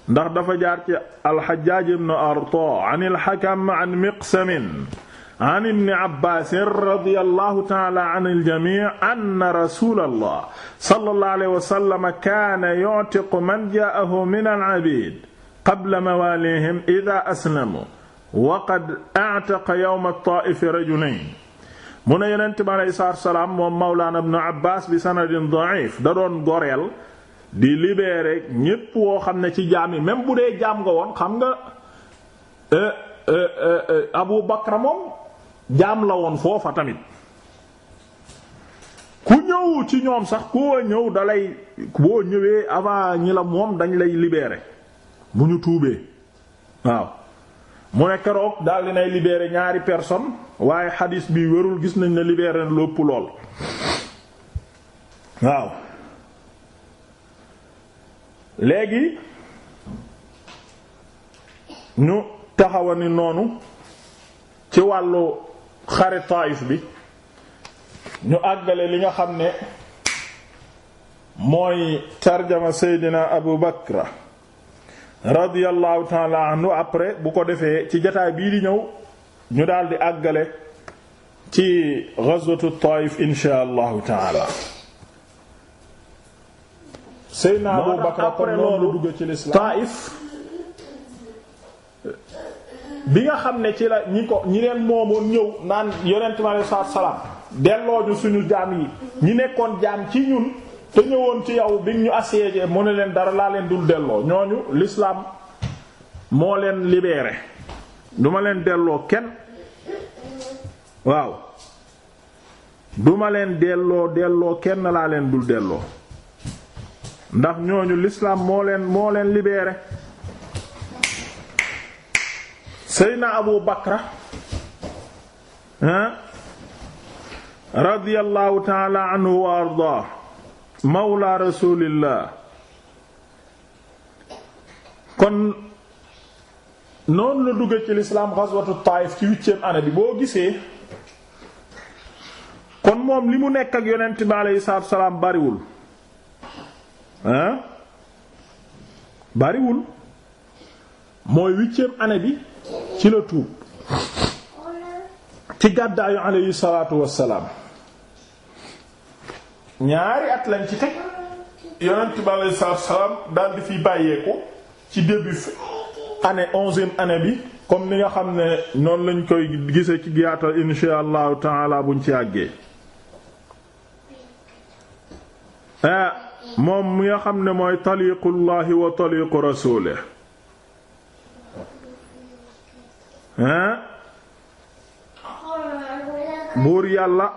ndax dafa jaar ci alxajjaaj ibn arta an alxakam an miqsamin an ibni abbasin radiyallahu taala an aljami anna rasulallah sallallahu alayhi wa sallam kaana yu'tiqu man jaa'ahu min al-'abiid qabla mawaalihim idaa aslamu wa qad a'taqa yawma at-taa'if rajulayn mu ne yonent bi alayhi salaatu wa salaam moom mawlaana ibn abbaas bi sanadin da'iif da doon goreel di libérer ñépp woo xam ne ci jaam yi même bu dee jaam nga woon xam nga euh, euh, euh, Abu Bakra moom jaam la woon foofa tamit ku ñëw ci ñoom sax koo ñëw dalay boo ñëwee avant ñi la moom dañ lay libeere bu ñu tuubee waaw mu ne keroog daal di nay libérer ñaari personne waaye xadiis bi wérul gis nañ ne libérer na lool waaw léegi ñu taxawa ni noonu ci wàllu xare Taayif bi ñu àggale li nga xam ne mooy tarjama Seydina Abu Bakra radiyallahu taala anhu après bu ko defee ci jataay bii di ñëw ñu daldi àggale ci ghazwatu Taayif insha allahu taala Seyna Abu Bakr kon noonu dugg ci lislaam Taif bi nga xam ne ci la ñi ko ñi leen moomoon ñëw naan yonent mi salaam delloo ñu suñu jaam yi ñi nekkoon jaam ci ñun te ñëwoon ci yow bi ñu assiégé mu ne leen dara laa leen dul delloo ñooñu lislaam moo leen libéré duma leen delloo kenn waaw duma leen delloo delloo kenn laa leen dul delloo ndax ñooñu lislaam moo leen moo leen libéré Seydina Abu Bakra hein radiyallahu anhu wa ardaa mawla rasulillah kon noonu la dugg ci l'islam ghazwatu Taif ci huitième année bi boo gisee kon moom li mu nekk ak yonent bi aleyhi salaatu salaam bariwul hein bariwul mooy huitième année bi ci la tuub ci gàddaayu alayhi salaatu wassalaam ñaari at lañ ci teg yonent bi alayhi salaatu wassalaam daal di fi bàyyeeku ci début année onzième année bi comme ni nga xam ne noonu lañ koy gise ci giyaatal insha allahu taala buñ ci àggee moom mu nga xam ne mooy taliqullahi wa taliqu rasulih hein buur yàlla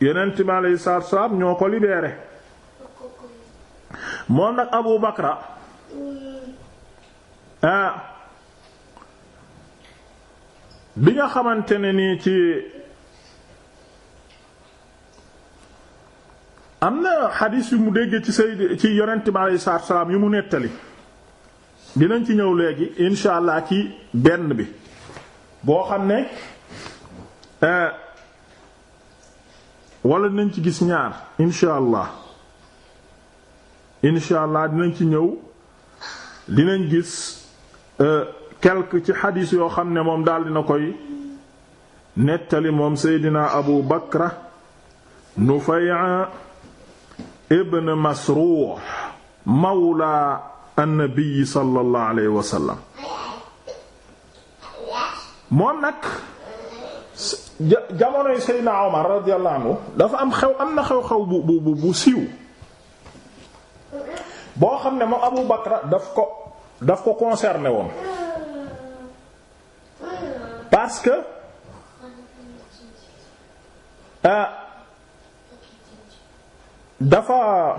yeneen mi alayhi salaatu ñoo ko libeere moom nag Abu Bakra ah bi nga xamante ne ci am na xadiis yu mu dégg ci sayd ci yonent bi aleyhi salaatu salaam yu mu nettali dinañ ci ñëw léegi insha allah ci benn bi boo xam ne euh, wala dinañ ci gis ñaar insha allah insha allah dinañ ci ñëw dinañ gis euh, quelque ci xadiis yoo xam ne moom daal dina koy nettali moom seydina abu bakra nufaya ibn masruux mawla annabi sallallahu alayhi wa moom nag jamonoy seydna omar radiyallahu anhu dafa am xew am na xew-xew bu bu bu siiw boo xam ne moom abu bakra daf ko daf ko concerné woon parce que ah dafa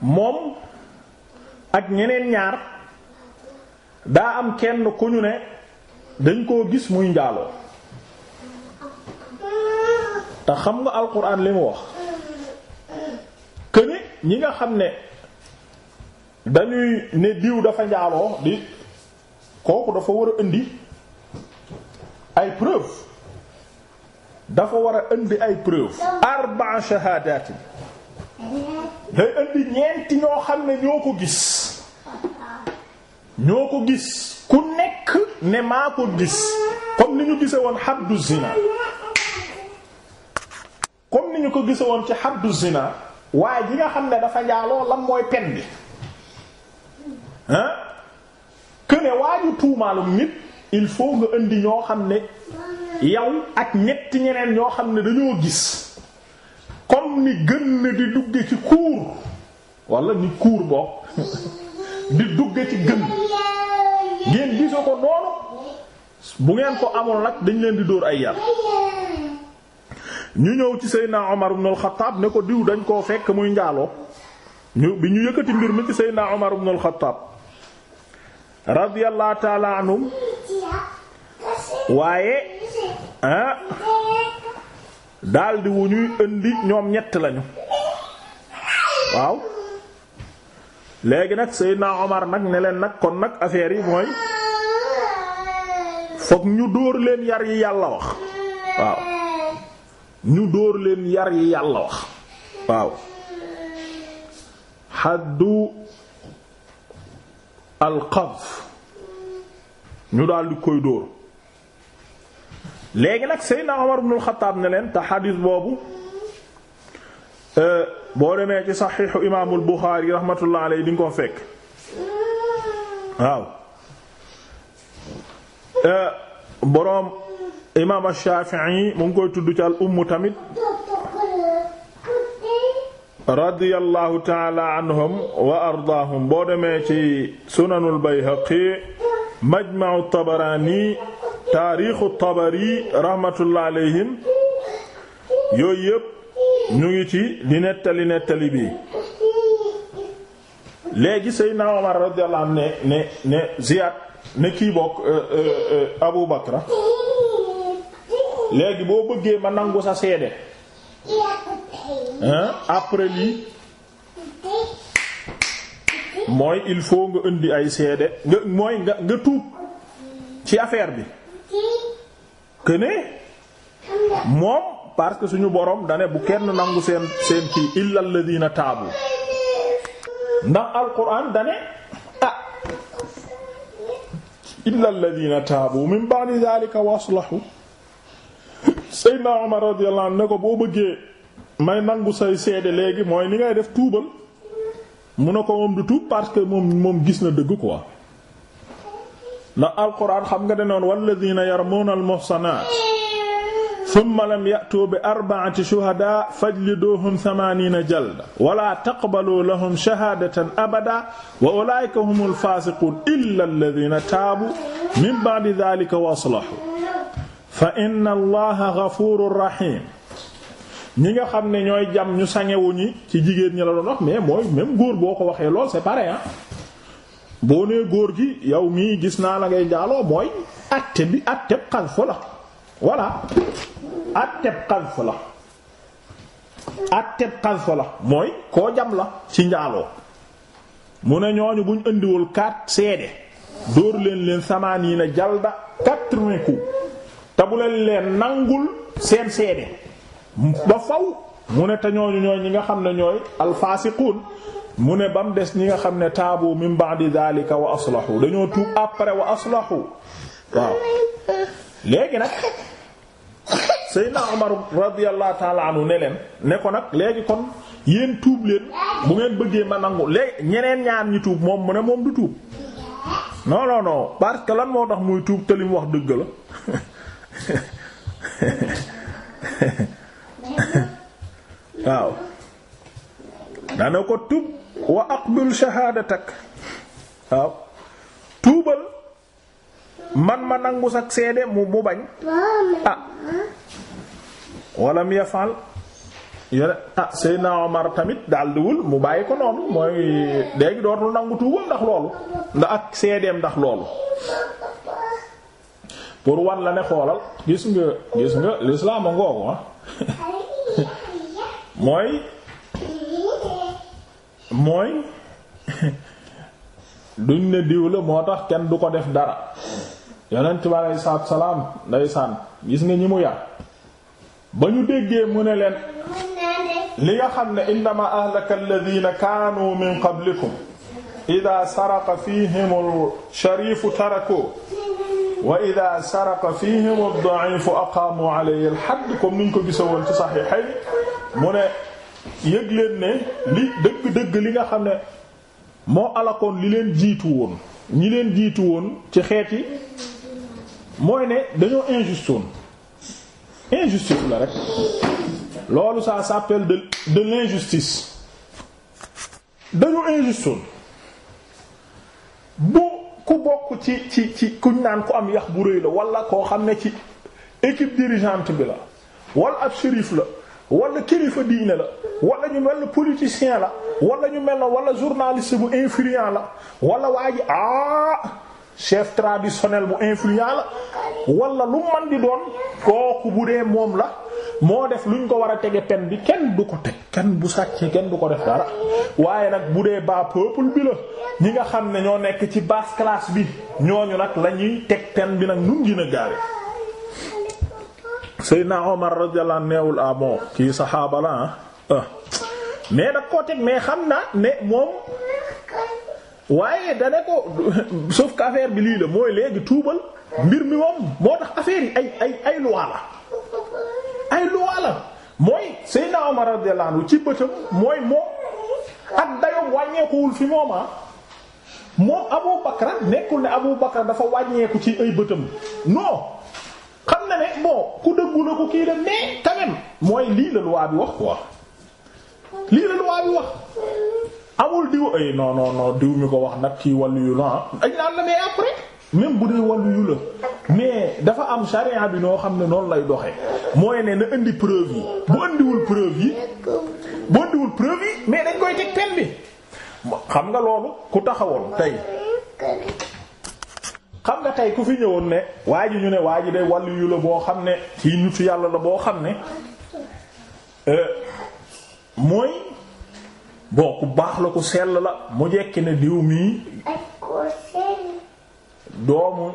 moom ak ñeneen ñaar daa am kenn ku ñu ne dañ koo gis muy njaaloo te xam nga alquran li mu wax këni ñi nga xam ne dañuy ne diw dafa njaaloo di kooku dafa war a indi ay preuve dafa war a indi ay preuve arba'a shahaadaati day indi ñeenti ñoo xam ne ñoo ko gis ñoo ko gis ku nekk ne maa ko gis comme ni ñu gise woon xaddu zina comme ni ñu ko gise woon ci xaddu zina waaye ji nga xam ne dafa njaaloo lan mooy pen bi hein que ne tuumaalum nit il faut nga indi ñoo xam ne yow ak ñetti ñeneen ñoo xam ne dañoo gis comme ni gën na di dugge ci kuur wala ni kuur boog di dugge ci gën ngeen gisoo ko noonu bu ngeen ko amul nag dañ leen di dóor ay yar ñu ñëw ci Seydina Omar ibn al-Khattab ne ko diw dañ koo fekk muy njaaloo ñu bi ñu yëkkati mbir mi ci Seydina Omar ibn al-Khattab radiyallahu ta'ala waaye Ah. daldi wu ñuy indi ñoom ñett lañu waaw léegi nag Seydina Omar nag ne leen nag kon nag affaire yi mooy fokk ñu dóor leen yar yi yàlla wax waaw ñu dóor leen yar yi yàlla wax waaw xaddu alxaf ñu daldi koy dóor léegi nag Seydina Umar ibnul Xattaab ne leen te xadiis boobu euh, boo demee ci saxiixu imaamul Buxaari raxmatullaahi alayhi di nga ko fekk waaw euh, boroom imaam Shaafi'i mu ngi koy tudd ci al umm tamit radiyallaahu ta'aala anhum wa ardaahum boo demee ci sunanul Bayhaqi majma'u tabaraani taariixu tabari rahmatullah alayhim yooyu yëpp ñu ngi ci di nettali nettali bi léegi Seydina Omar radiyallahu anhu ne ne ne Ziyad ne kii bokk euh, euh, euh, Abu Bakra léegi boo bëggee ma nangu sa seede après lii mooy il faut nga indi ay seede nga mooy nga tuub ci affaire bi que moom parce que suñu borom dane bu kenn nangu seen seen kii illa alladina taabu ndax alquran dane ah illa alladina taabu min ba'di zalika waslahu sayyidna Umar radiyallahu anhu ne ko boo bëggee may nangu say seede léegi mooy ni ngay def tuubal mu ko moom du tuub parce que moom moom gis na dëgg quoi ndax alquran xam nga denoon walladina yarmuuna almuhsanaat thumma lam ya'tuu bi arba'ati shuhadaa fajliduuhum thamaaniina jalda wala taqbaluu lahum shahaadatan illa alladina taabu min ba'di dhaalika wa aslahuu fa inna allaha ghafuurun ñi nga xam ne ñooy jam ñu sangewu ci jigéen ñi la doon wax mais mooy même góor boo ko waxee lool c'est boo nee góor gi yow mii gis naa la ngay njaaloo mooy atte bi atteb xas fa xas fa la mooy koo jam la ci njaaloo mu ne ñooñu buñ indiwul quatre seede dóor leen leen samaan yi na jalda quatre-vingts coups te bu leen leen nangul seen seede ba faw mu ne te ñooñu ñooy ñi nga xam ne ñooy alfaasiquun mu ne ba mu des ñi nga xam ne taabu min ba'di daalika wa aslahu dañoo tuub après wa aslahu waaw léegi nag Seydina Omar radiyallahu ta'ala ne leen ne ko nag léegi kon yéen tuub leen bu ngeen bëggee ma nangu léegi ñeneen ñaar ñi tuub moom mu ne moom du tuub non parce que lan moo tax muy tuub te li wax dëgg la waaw dana ko tub wa aqbil shahaadatak waaw tuubal man ma nangu sak seede mu mu bañ ah walam yafal yone ah Seydina Omar tamit daldiwul mu bàyyi ko noonu mooy léegi dootul nangu tuubal ndax loolu ndax ak seedeem ndax loolu pour wan la ne xoolal gis nga gis nga lislaama ngoogu ah mooy mooy duñ ne diw moo tax kenn du ko def dara yonent bi aleyhi salaatu salaam ndeysaan gis nga ñi mu yar ba ñu déggee mu ne leen li nga xam ne innama ahlaka alladhina kaanu min qablikum idha saraqa fihimul sharifu tarako wa ida saraka fihim ad-da'if aqaamu alayhi al-hadd comme niñ ko gisawoon ci saxiixay mu ne yëg leen ne li dëgg-dëgg li nga xam ne moo alakoon li leen jiitu woon ñi leen jiitu woon ci xeet yi mooy ne dañoo injuste woon injustice ku bokk ci ci ci kuñ naan ku am yax bu rëy la wala koo xam ne ci équipe dirigeante bi la wala ab shérif la wala kilifa diine la wala ñu mel ne politicien la wala ñu mel ne wala journaliste bu influent la wala waa ji ah chef traditionnel bu influent la wala lu man di doon kooku bu dee moom la moo def luñ ko war a tege pen bi kenn du ko teg kenn bu sàccee kenn du ko def dara waaye nag bu dee bas peuple bi la ñi nga xam ne ñoo nekk ci baas classe bi ñooñu nag la teg pen bi nag nun gën a gaawe Seydina Omar radiyallahu anhu neewul ah bon kii saxaaba la ah, ah. koo teg mais xam na ne moom waaye da ko sauf que bi lii la mooy léegi tuubal mbir mi moom moo tax affaire yi ay ay ay ay loi la mooy Seydina Omar radiyallahu anhu ci bëtam mooy moom ak dayoom wàññeekuwul fi mooma ah. moom Abu Bakra nekkul ne Abu Bakra dafa wàññeeku ci ay bëtam non xam na ne bon ku dëggu la ko kii la mais quand mooy lii la loi bi wax quoi lii la loi bi wax amul diw ay non non non diw mi ko wax nag kii wàllu yu la ah. dañu naan la mais dafa am charia bi noo xam ne noonu lay doxee mooy ne na indi preuve yi bu indiwul preuve yi bu indiwul preuve yi mais dañ koy teg pen bi xam nga loolu ku taxawoon tey. xam nga tey ku fi ñëwoon ne waa ji ñu ne waa ji de wàllu yu la boo xam ne kii fi yàlla la boo xam ne euh, mooy. bon ku baax la ku sell la mu jekki ne diw mii doomu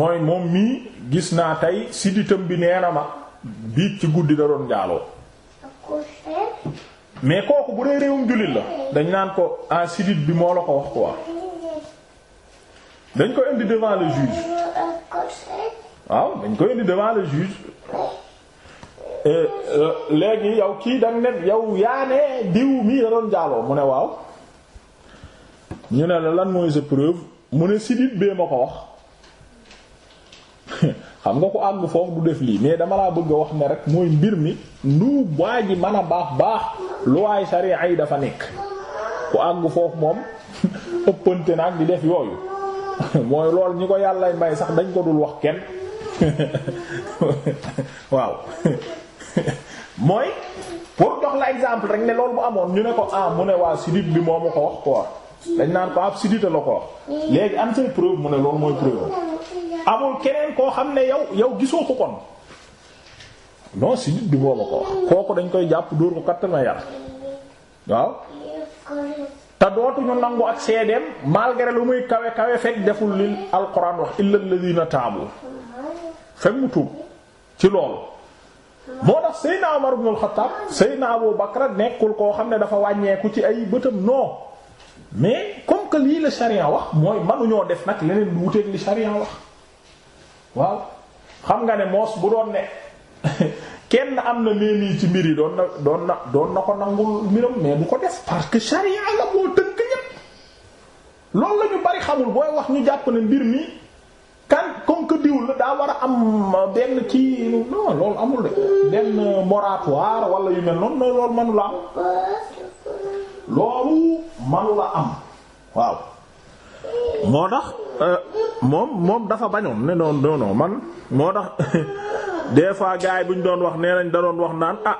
mooy moom mii gis naa tey sidditam bi nee na ma biig ci guddi da doon jaaloo mais kooku bu dee réewum jullit la dañ naan ko ah siddit bi moo la ko wax quoi dañ ko indi devant le juge waaw dañ ko indi devant le juge Eh, eh, léegi yow kii dang ne yow yaa ne diw mii da doon jaaloo mu ne waaw ñu ne la lan mooy sa preuve mu ne sidit bee ma ko wax xam nga ko àgg foofu du def lii mais dama laa bëgg a wax ne rek mooy mbir mi nu waa ji mën a baax baax lu waay sariya yi dafa nekk ku àgg foofu moom ëppante naag di def yooyu mooy lool ñi ko yàllay mbay sax dañ ko dul wax kenn waaw mooy pour dox la exemple rek ne lool bu amoon ñu ne ko ah mu ne waa sidit bi moo ma ko wax dañ naan ko ab ah, sidita la ko léegi am say preuve mu ne loolu mooy preuve amul keneen koo xam ne yow yow gisoo ko kon non sidit bi moo ma ko wax kooku dañ koy jàpp dóor ko katt na yar waaw te dootuñu nangu ak seedeem malgré lu muy kawe kawe fekk deful li alquran wax illa alladhina taabu fekk mu tuub ci loolu moo tax Seydina Omar ibn al-Khattab Seydina Abu Bakr nekkul koo xam ne dafa wàññeeku ci ay bëtam non mais comme que lii la sharia wax mooy mënuñoo def nag leneen lu wuteeg li sharia wax waaw xam nga ne moos bu doon ne kenn am na léeg ci mbir yi doon na doon na doon na ko nangul mbiram mais bu ko def parce que sharia la moo tënk ñépp loolu la ñu bari xamul booy wax ñu jàpp ne mbir mi. kan comme que daa war a am euh, benn kii non loolu amul de benn euh, moratoire wala yu mel noonu loolu manula am loolu manula am waaw moo tax euh, moom moom dafa bañoon ne non non man moo tax des fois gars bu ñu doon wax nee nañ daroon wax naan ah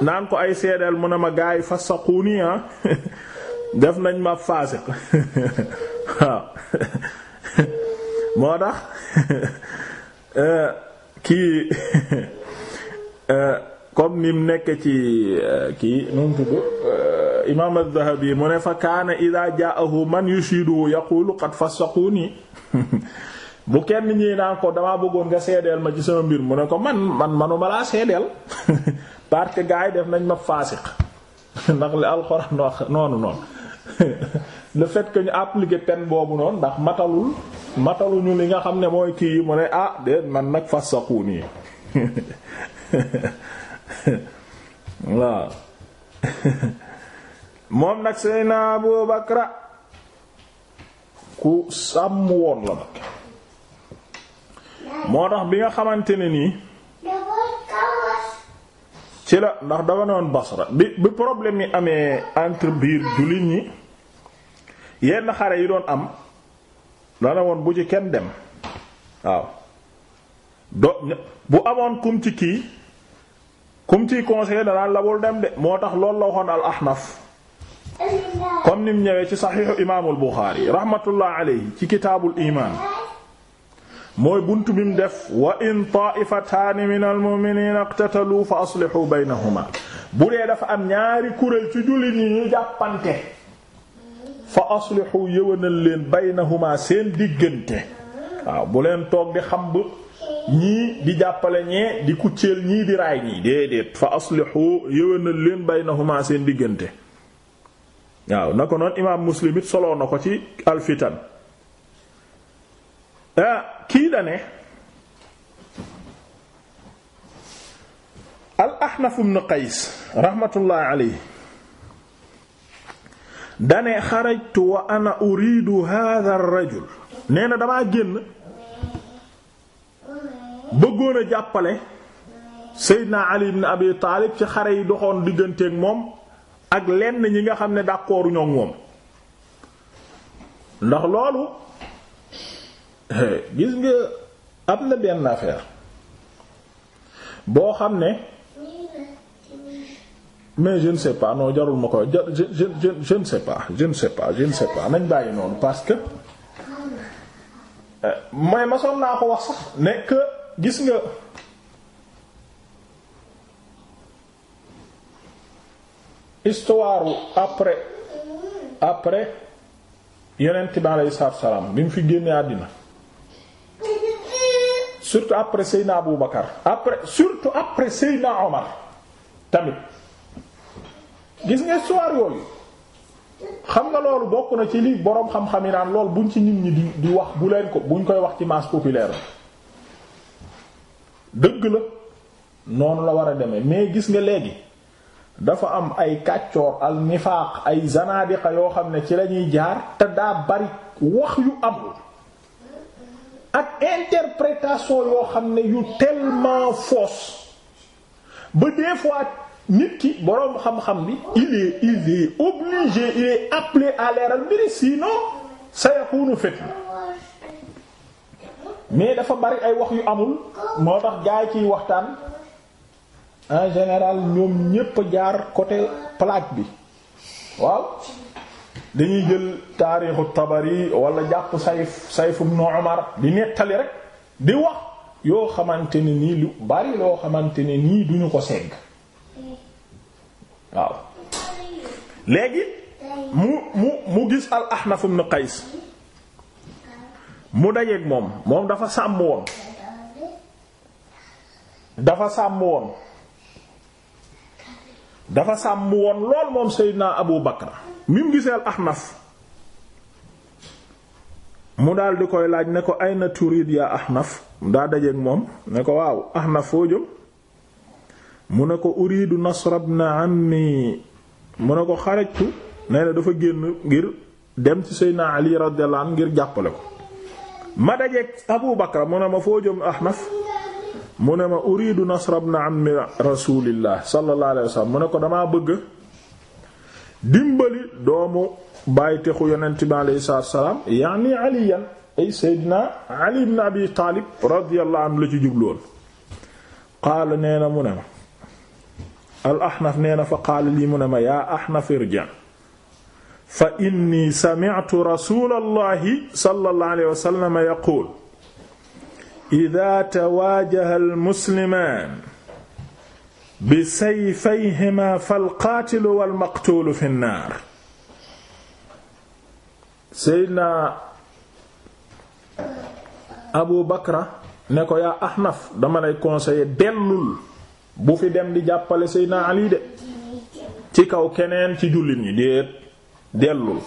naan ko ay seedeel mu ne ma gars yi fas sa xuuni ah, def nañ ma faasiq waaw moo tax euh, kii euh, comme ni mu nekk ci euh, kii nu mu tudd imaam az-Zahabi mu ne fa kaana idaa jaahu man yushidu yaqulu qad fassaquni bu kenn ñi naan ko damaa bëggoon nga seedeel ma ci sama mbir mu ne ko man man manuma laa seedeel parce que yi def nañ ma faasiq ndax li alxuraan noonu noonu le fait que ñu appliquer peine boobu noonu ndax matalul mataluñu li nga xam ne mooy kii yi mu ne ah déet man nag fas saquu nii waaw moom nag Seydina Abu Bakra ku sàmm woon la nag moo tax bi nga xamante ne nii ci la ndax dafa ne woon Basra bi bi problème yi amee entre biir jullit ñi yenn xare yi doon am dana woon bu ci kenn dem waaw do bu amoon kum ci kii kum ciy conseiller danaan la bul dem de moo tax lool la waxoon al ahnaf ni mu ñëwee ci saxiixu imaamul buxaari rahmatullah alayhi ci kitaabul imaan mooy buntu bi mu def wa in taa'ifataani minal mu'miniina iqtatalu fa aslihu baynahuma bu dee dafa am ñaari kuréel ci jullit ñi ñuy jàppante fa aslihu yëwanal leen baynahuma seen diggante waaw bu leen toog di xam ñii di jàppale ñee di kucceel ñii di raay ñii déedéet fa aslihu yëwanal leen baynahuma seen diggante waaw na ko noon imaam muslim it soloo na ko ci alfitan ah, kii dane al ahnaf ibn qays raxmatullaahi alayhi dane xarajtu wa ana uridu hadha rajul nee na damaa génn bëggoon a jàppale Seydina Ali ibn Abi ci xare yi doxoon digganteeg moom ak lenn ñi nga xam ne d'accord ñoo moom ndax loolu gis nga am na benn affaire boo xam ne mais je ne sais pas non jarul ma koy ja je je je ne sais pas je ne sais pas je ne sais nañ bàyyi noonu parce que euh, mooy masoon naa ko wax sax nekk gis nga. histoire après après yonent bi alayhi salaam bi mu fi génnee àddina surtout après Seyna Abou Bakar après surtout après Seyna Omar tamit. gis nga histoire yooyu xam nga loolu bokk na ci li boroom xam-xam yi naan loolu buñ ci nit ñi di di wax bu leen ko buñ koy wax ci masse populaire dëgg la noonu la war a demee mais gis nga léegi dafa am ay kàccoor al nifaaq ay zanadiqa yoo xam ne ci lañuy jaar te daa bari wax yu am ak interprétation yoo xam ne yu tellement fausse ba des fois nit ki boroom xam-xam bi il est il est obligé il est appelé à leeral mbiri mais dafa bari ay wax yu amul moo tax gaa yi ciy waxtaan en général ñoom ñépp jaar côté plaque bi waaw dañuy jël taarixu Tabari wala jàpp sayf sayf ibn Umar di nettali rek di wax yoo xamante ne nii lu bari loo xamante ne nii duñu ko segg waaw léegi mu mu mu gis al Ahnaf ibn mu dajeeg moom moom dafa sàmm woon dafa sàmm woon dafa sàmm woon lool moom Seydina Abu Bakr mi mu gisee al mu daal di koy laaj ne ko ay na turid yaa Ahnaf daa dajeeg moom ne ko waaw Ahnaf foo jëm mu ne ko uridu nasra ibn ammi mu ne ko xarajtu nee na dafa génn ngir dem ci Seydina Ali radiyallahu ngir jàppale ko ma dajeek Abu Bakra mu ne ma foo jëm Ahnaf mu ne ma uridu nasra ibn ammi rasulillah sallallahu alayhi wasallam mu ne ko damaa bëgg dimbali doomu bàyyitexu yonent bi alayhi salaam yaani aliyan ay Seydina Ali ibn Taalib radiyallahu la ci jubloon qaala nee na mu ne ma al ahnaf nee na fa qaala lii mu ne ma yaa ahnaf irji' fa inni sami'tu rasulallahi sallallahu alayhi wa sallam yaqul idha tawajaha almusliman bisayfayhima falqaatilu walmaqtuulu fi nnaar seydna abu bakra ne ko yaa ahnaf dama lay conseiller dellul bu fi dem di jàppale Seydina Ali de ci kaw keneen ci jullit ñi déet dellul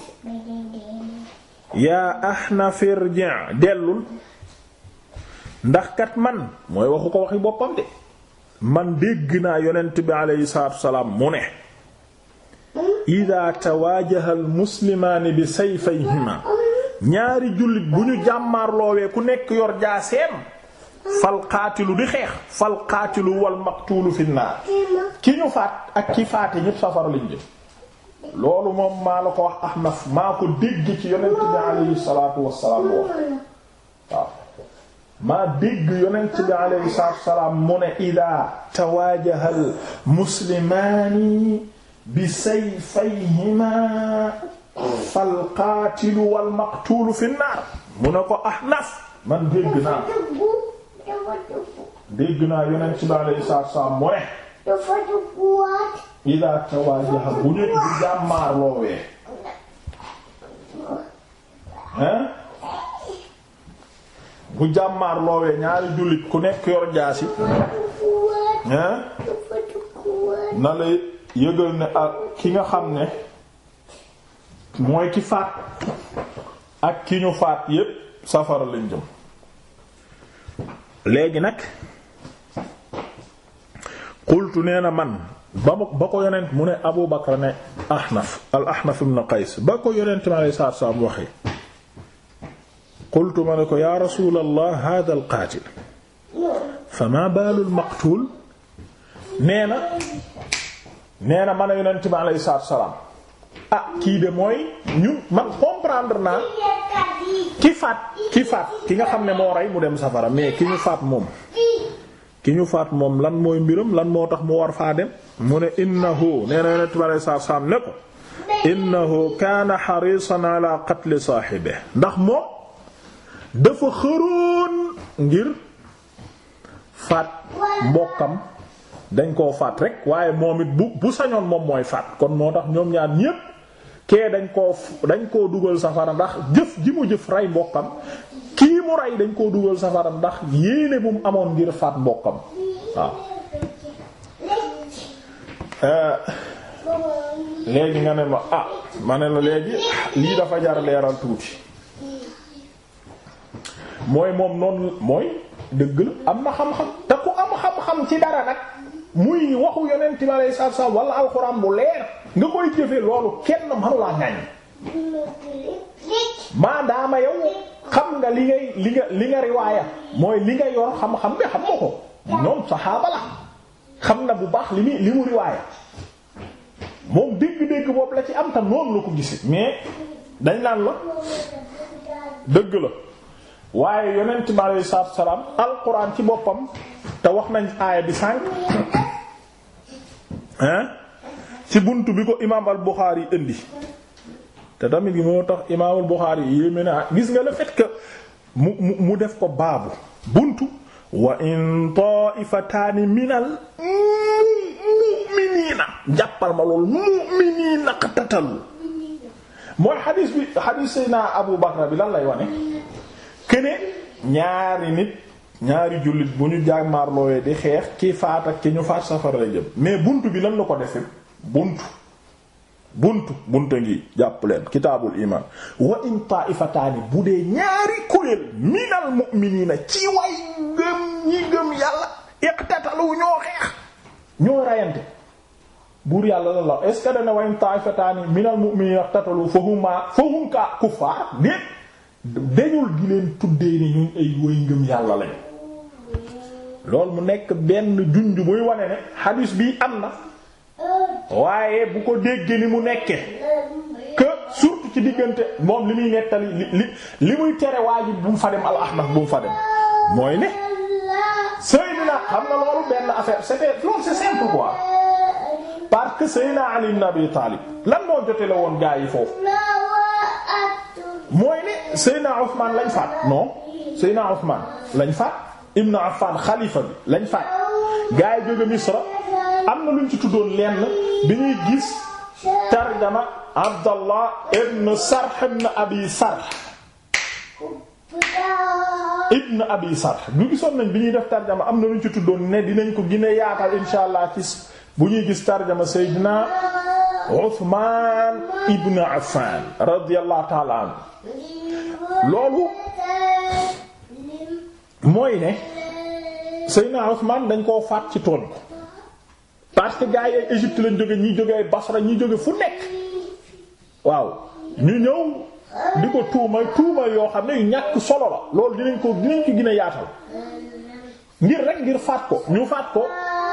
yaa Ahnaf irji' dellul ndax kat man mooy waxu ko waxi boppam de man dégg naa yonent bi aleyhi salaatu salaam mu ne ida tawaajaha al muslimaani bi sayfayhima ñaari jullit bu ñu jàmmaarloowee ku nekk yor jaaseem fal qaatilu di xeex fal qaatilu wal maqtuulu fi naar ki ñu faat ak ki faate ñépp safara lañ jëm loolu moom maa la ko wax ahnaf maa ko dégg ci yonent bi alayhi salaatu wassalaam wax waaw maa dégg yonent bi alayhi salaatu wassalaam mu ne idaa tawaajaha al muslimaani bi sayfayhimaa fal qaatilu wal maqtuulu fi naar mu ne ko ahnaf man dégg naa dégg naa yonent ci daal di saa saa mu ne. dafa dugguwaat. bu ñu jàmmaar loowee. hein bu jàmmaar loowee ñaari jullit ku nekk yor jaasi. hein na lay yëgal ne ak ki nga xam ne mooy ki faat ak ki ñu faat yépp safara lañ jëm. léegi nag qultu nee na man ba ba ko yonent mu ne Abu Bakr ne Ahnaf al Ahnaf ibn Qays ba ko yonent mi alayhi salaatu salaam waxee qultu ma ne ko yaa rasuulallah haaza al qaatil famaa baalul maqtuul nee na nee na ma ne yonent mi alayhi salaatu salaam ah kii de mooy ñun man comprendre naa ki faat ki faat ki nga xam ne moo rey mu dem safara mais ki ñu faat moom ki ñu faat moom lan mooy mbiram lan moo tax mu war faa dem mu ne innahu nee na yonent bi alei ne ko innahu kaana xarisan ala qatli saahibe ndax moom dafa xëroon ngir faat mbokkam dañ koo faat rek waaye moom it bu bu sañoon moom mooy faat kon moo tax ñoom ñaar ñépp kee dañ koo dañ koo dugal safara ndax jëf ji mu jëf rey mbokkam kii mu rey dañ koo dugal safara ndax yéene bu mu amoon ngir faat mbokkam waaw euh, léegi nga ne ma ah ma ne la léegi lii dafa jar leeral tuuti mooy moom noonu mooy dëgg la am na xam-xam te ku am xam-xam ci dara nag muy waxu yonent bi alayhi salaatu wa salaam wala alxuraan bu leer nga koy jëfe loolu kenn manulaa ngañ maadaama yow xam nga li nga li nga riwaaya mooy li nga yoon xam-xam nga xam nga ko ñoom saxaaba la xam na bu baax li muy li mu riwaaya moom dégg-dégg boobu la ci am te noonu la ko gise mais dañ naan la dëgg la waaye yonent bi aleyhi salaatu wa salaam alquran ci boppam te wax nañ aaya bi sànq hein ci bunt bi ko imaam al Buxaari te tamit gi moo tax imaam al Buxaari yéeme na gis nga la fait mu mu mu def ko baabu bunt wa in taifataani minal mu'miniina jàppal ma loolu mu'miniina qatatalu mooy xadiis bi xadiis Seydina Abu Bakra bi lan lay wane kene ñaari nit ñaari jullit bu ñu jàmmaarlooyee di xeex ki faat ak ki ñu faat safara jëm mais bunt bi lan la ko defee buntu buntu buntu ngi jàpp kitaabul iman wa in bu dee ñaari kuréel minal mu'minina ci way gëm ñi gëm yàlla iqtatalu ñoo xeex ñoo rayante buur yàlla la la est dana wa in taifataani minal mu'minina iqtatalu fahuma fahum kufaar déet dañul gi leen tuddee ne ñun way ngëm yàlla lañ loolu mu nekk benn junj muy wane ne hadis bi am na waaye bu ko déggee ni mu nekke que surtout ci diggante moom li muy nettali li li muy tere waajib bu mu fa dem al ahmad bu mu fa dem mooy ne Seydina xam na loolu benn affaire c'était loolu c'est simple quoi parce lan moo jote woon gaa yi foofu mooy ne lañ faat non Seydina Ousmane lañ faat Ibn Affan xalifa bi lañ faat gaa yi jóge Misra am na luñ ci tuddoon lenn bi ñuy gis tarjama Abdallah ibn Sarh ibn Abi Sarh ibn gisoon nañ bi ñuy def tarjama am na luñ ci tuddoon ne dinañ ko gën a yaatal insha allah bu ñuy gis tarjama Seydina Uthman ibn Affan radiyallahu ta'ala anhu loolu mooy ne Seydina Uthman dañ koo faat ci tool parce que gars yi ay Égypte lañ jóge ñi jóge ay Basra ñi jóge fu nekk waaw ñu ñëw di ko tuuma tuuma yoo xam ne yu ñàkk solo la loolu dinañ ko dinañ ko gën yaatal ngir rek ngir faat ko ñu faat ko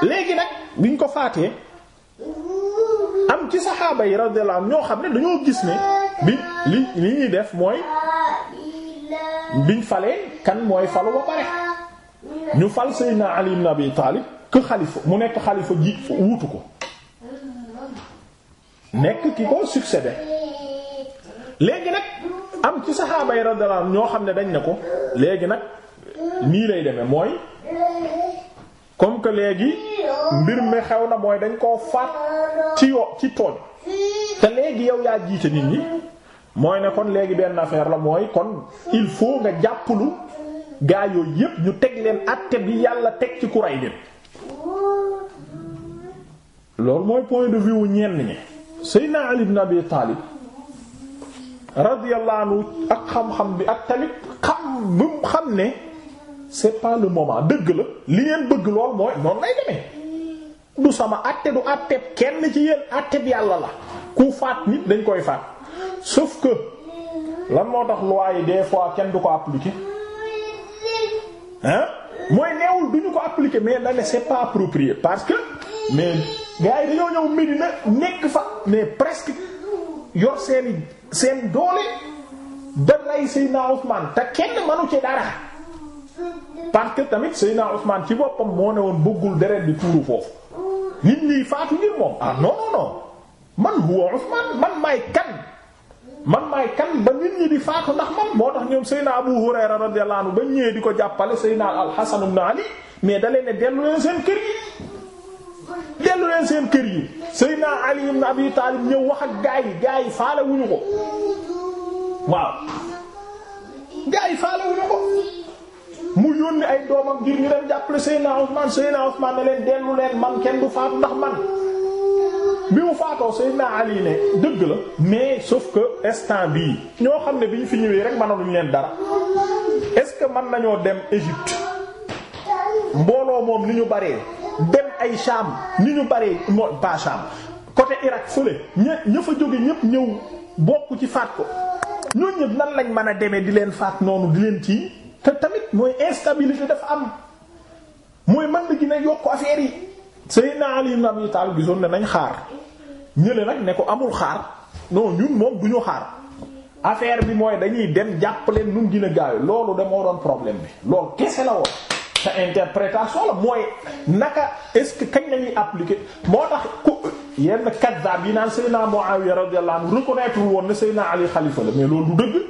léegi nag biñ ko faatee am ci saxaaba yi radiyallahu anhum ñoo xam ne dañoo gis ne bi li li ñuy def mooy biñ falee kan mooy falu ba pare ñu fal Seydina Ali ibn Abi que xalifa mu nekk xalifa ji wuutu ko nekk ki ko succédé léegi nag am ci saxaaba yi ñoo xam ne dañ ne ko léegi nag nii lay demee mooy comme que léegi mbir mi xew na mooy dañ koo faat ci yo ci tooñ te léegi yow yaa jiite nit ñi mooy ne kon léegi benn affaire la mooy kon il faut nga jàppalu gaa yooyu yépp ñu teg leen àtte bi yàlla teg ci ku rey leen loolu mooy point de vue wu ñenn ñi Seydina Ali ibn Abi Taalib radiyallahu anhu ak xam-xam bi ak tamit xam bu mu xam ne c'est pas le moment dëgg la li ngeen bëgg lool mooy noonu lay demee du sama àtte du àtteeb kenn ci yéen àtteeb yàlla la ku faat nit dañ koy faat sauf que lan moo tax loi yi des fois kenn du ko appliquer hein mooy neewul duñu ko appliquer mais dane c'est pas parce que mais gars yi dañoo ñëw Medina nekk fa mais presque yor seeni seen doole da rey Seydina Ousmane te kenn manu ci dara parce que tamit Seydina Ousmane ci boppam moo ne woon bëggul deret di tuuru foofu nit ñi faatu ngir moom ah non non non man huwa Ousmane man maay kan man maay kan ba nit ñi di faatu ndax man moo tax ñoom Seydina Abu Hurayra radiyallahu anhu ba ñëwee di ko jàppale Seydina Al Hasan ibn Ali mais da ne dellu leen seen kër seen kër yi Seydina Ali ibn Abi ñëw wax ak gaa yi gaa yi faale wuñu ko waaw gaa yi faale wuñu ko mu yónni ay doomam ngir ñu dem jàppale Seydina Usmaan Seydina Usmaan leen dellu leen man kenn du faatu ndax man bi mu faatoo Seydina Ali ne dëgg la mais sauf que instant bii ñoo xam ne bi ñu fi ñëwee rek mënaluñ leen dara est-ce que mën nañoo dem Égypte mbooloo moom ni ñu baree ay Sham ni ñu bëree mooy pas Sham côté Irak fële ña ña fa jóge ñëw bokk ci faat ko ñooñu ñépp nan lañ mën a demee di leen faat noonu di leen ci te tamit mooy instabilité dafa am mooy mën na gën a yokk affaire yi. Seydina Ali ibn Abi Talib gisoon ne nañ xaar ñële nag ne ko amul xaar non ñun moom du ñu xaar affaire bi mooy dañuy dem jàpp leen nu mu gën a gaaw loolu de moo doon problème bi loolu kese la woon. sa interprétation la mooy naka est-ce que kañ lañuy appliquer moo tax ku yenn kaddaab yi naan Seydina Muawiya radiyallahu anhu reconnaître woon ne Seydina Ali la mais loolu du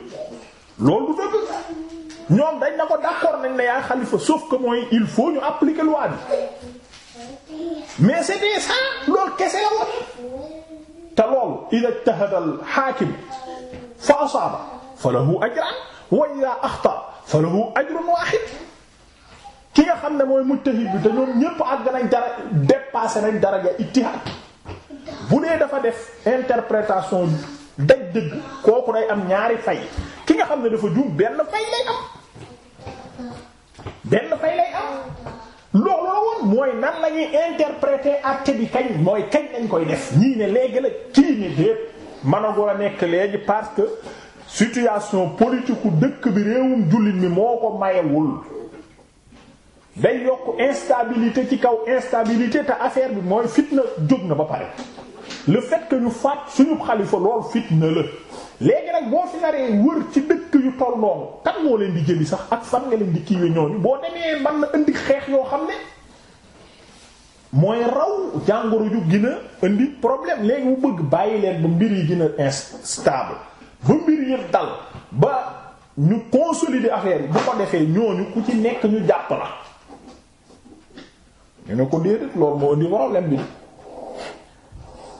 loolu du dëgg ñoom dañ ko d'accord nañ ne yaay xalifa sauf mooy il faut ñu appliquer loi bi mais c'était ça loolu kese ida ijtahada al fa asaaba fa lahu ajran ida axta fa ki nga xam ne mooy mujtahid bi te ñoom ñépp àgg nañ dara dépassé nañ dara ja ittihaad bu dee dafa def interprétation daj dëgg kooku day am ñaari fay ki nga xam ne dafa juum benn fay lay am benn fay lay am loolu mooy nan la ñuy interpréter bi kañ mooy kañ lañ koy def ñii ne léegi la kii ne déet mën a war nekk léegi parce que situation politique u dëkk bi réewum jullit mi moo ko mayewul day yokk instabilité ci kaw instabilité te affaire bi mooy fitna jóg na ba pare le fait que ñu faat suñu xalifa lool fitna la léegi nag boo fi naree wër ci dëkk yu toll noonu kan moo leen di jëli sax ak fan nga leen di kiiwe ñooñu boo demee man na indi xeex yoo xam ne mooy raw jàngoro ju gën indi problème léegi mu bëgg bàyyi leen ba mbir yi gën a instable ba mbir yi dal ba ñu consolider affaire yi bu ko defee ñooñu ku ci nekk ñu jàpp la ñu ne ko déedéet loolu moo indi problème bi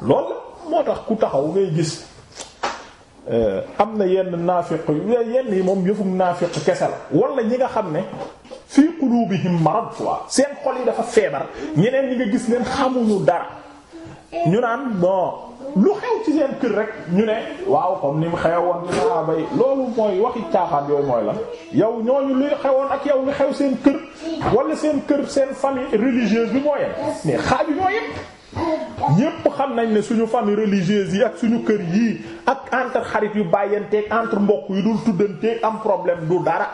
loolu moo tax ku taxaw ngay gis eh, am na yenn naafiq yu yenn yi moom yëfum naafiq kese la walla ñi nga xam ne fii qulubihim marad quoi seen xol yi dafa feebar ñeneen ñi nga gis leen xamuñu dara ñu naan bon lu xew ci seen kër rek ñu ne waaw comme ni mu xewoon ci saxaaba yi loolu mooy waxi caaxaan yooyu mooy la yow ñooñu lu xewoon ak yow lu xew seen kër wala seen kër seen famille religieuse bi moo yem mais xaaju ñoo yem ñépp xam nañ ne suñu famille religieuse yi ak suñu kër yii ak entre xarit yu bàyyanteeg entre mbokk yu dul tuddanteeg am problème du dara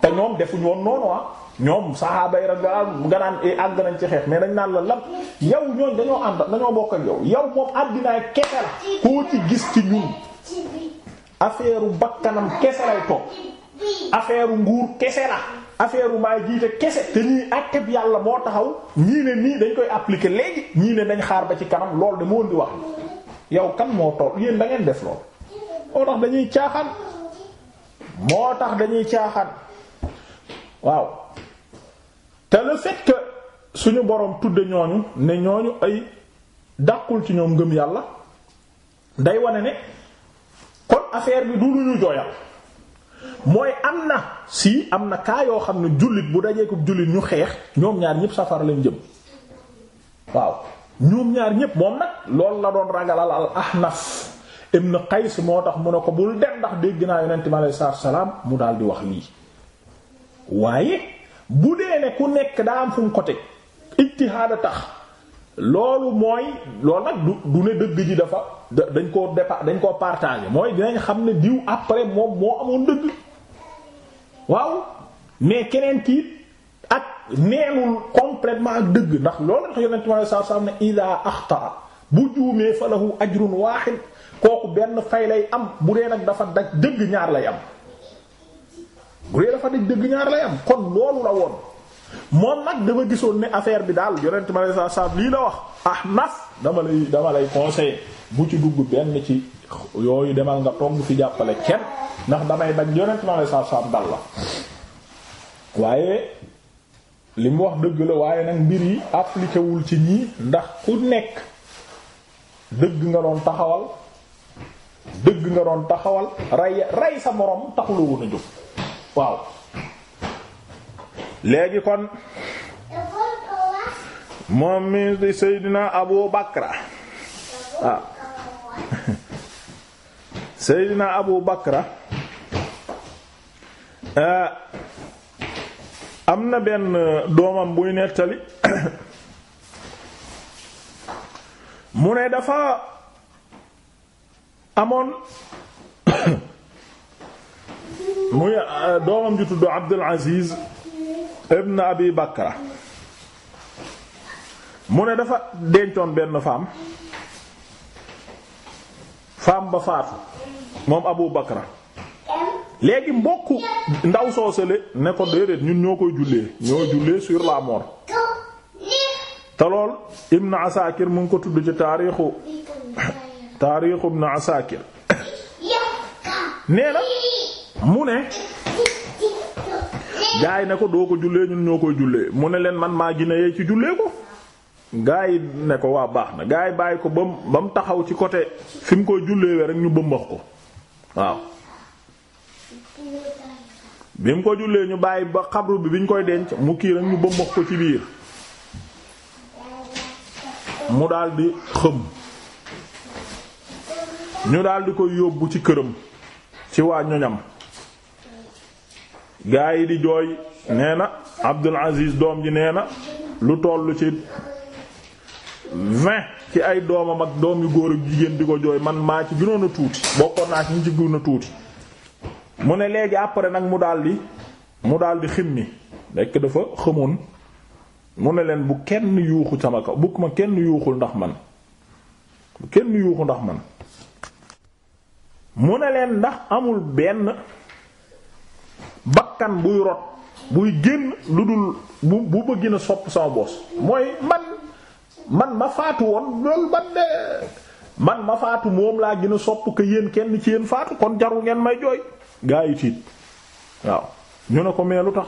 te ñoom defuñu woon noonu ah ñoom saxaaba yi radiyallahu nga naan eh, àgg ci xeex mais dañ naan la lan yow ñooñ dañoo ànd dañoo bokk ak yow yow moom àddinaay kese la koo ci gis ci ñun affaire bakkanam kese lay topp affaire nguur kese la affaire maa jiite kese te ak àtteb yàlla moo taxaw ñii ne nii dañ koy appliquer léegi ñii ne dañ xaar ba ci kanam loolu de moo di wax yow kan moo toll yéen da def lool moo tax dañuy caaxaan moo tax dañuy caaxaan waaw te le fait suñu boroom tudde ñooñu ne ñooñu ay dàqul ci ñoom ngëm yàlla day wane ne kon affaire bi du lu ñu jooyal mooy am na si am na kaa yoo xam ne jullit bu dajeeku jullit ñu xeex ñoom ñaar ñépp safara lañ jëm waaw ñoom ñaar ñépp moom nag loolu la doon ragalal al ahnaf ibn qays moo tax mu ne ko bul dem ndax dégg naa yonent mi aleyhi salaam mu daal di wax lii waaye bu dee ne ku nekk daa am fu mu ko teg a tax loolu mooy loolu nag du du ne dëgg ji dafa dañ koo départ dañ koo partagé mooy dinañ xam ne diw après moom moo amoon dëgg waaw mais keneen kii ak neenul complètement ak dëgg ndax loolu tax yonent mi alei satu salaam ne ida axtaa bu juumee fa lahu ajrun waaxid kooku benn fay lay am bu dee nag dafa daj dëgg ñaar lay am bu dee dafa daj dëgg ñaar lay am kon loolu la woon moom nag dama gisoon ni affaire bi daal yonent ma lay saab lii la wax ah nas dama lay dama lay conseiller bu ci dugg benn ci yooyu demal nga togg fi jàppale kenn ndax damay bañ yonent ma lay saab dal la waaye li mu wax dëgg la waaye nag mbir yi appliqué wul ci ñii ndax ku nekk dëgg nga doon taxawal dëgg nga doon taxawal rey rey sa moroom taxuloo woon a jóg waaw léegi kon moom mi di Seydina Abu Bakra waaw ah. Seydina Abu Bakra eh, am na benn doomam buy nettali mu ne dafa amoon muy ah, doomam ju tudd Abdul Aziz ibn Abi Bakra mu ne dafa dencoon benn femme femme ba faatu moom Abu Bakra léegi mbokk ndaw soosale ne ko déedéet ñun ñoo koy jullee ñoo jullee sur la mort te lool Ibn Asakir mu ngi ko tudd ci taarixu taarixu Ibn Asakir nee na mu ne gaa yi ne ko doo ko jullee ñun ñoo koy jullee mu ne leen man maa gina yee ci jullee ko gaa yi ne ko waa baax na gaa yi bàyyi ko ba mu ba mu taxaw ci côté fi mu koy rek ñu bëmbax ko waaw bi mu jullee ñu bàyyi ba xabru bi bi ñu koy denc mu rek ñu bëmbax ko ci biir mu daldi xëm ñu daldi koy yóbbu ci këram ci waa ñoñam gaa yi di jooy nee na Abdul Aziz doom ji nee na lu toll ci vingt ci ay doomam ak doom yu góor ak jigéen di ko jooy man maa ci gënoon a tuuti bokkoon naa ci ñu ci gënoon a tuuti mu ne léegi après nag mu daldi mu daldi ni nekk dafa xamoon mu ne leen bu kenn yuuxu sama kaw bu ma kenn yuuxul ndax man bu kenn yuuxu ndax man mu ne leen ndax amul benn bakkan buy rot buy génn lu dul bu bu ma gën a sopp sama boos mooy man man ma faatu woon loolu man de man ma faatu moom laa gën a sopp que yéen kenn ci yéen faatu kon jaru ngeen may jooy gaa yi tiit waaw ñu ne ko mais lu tax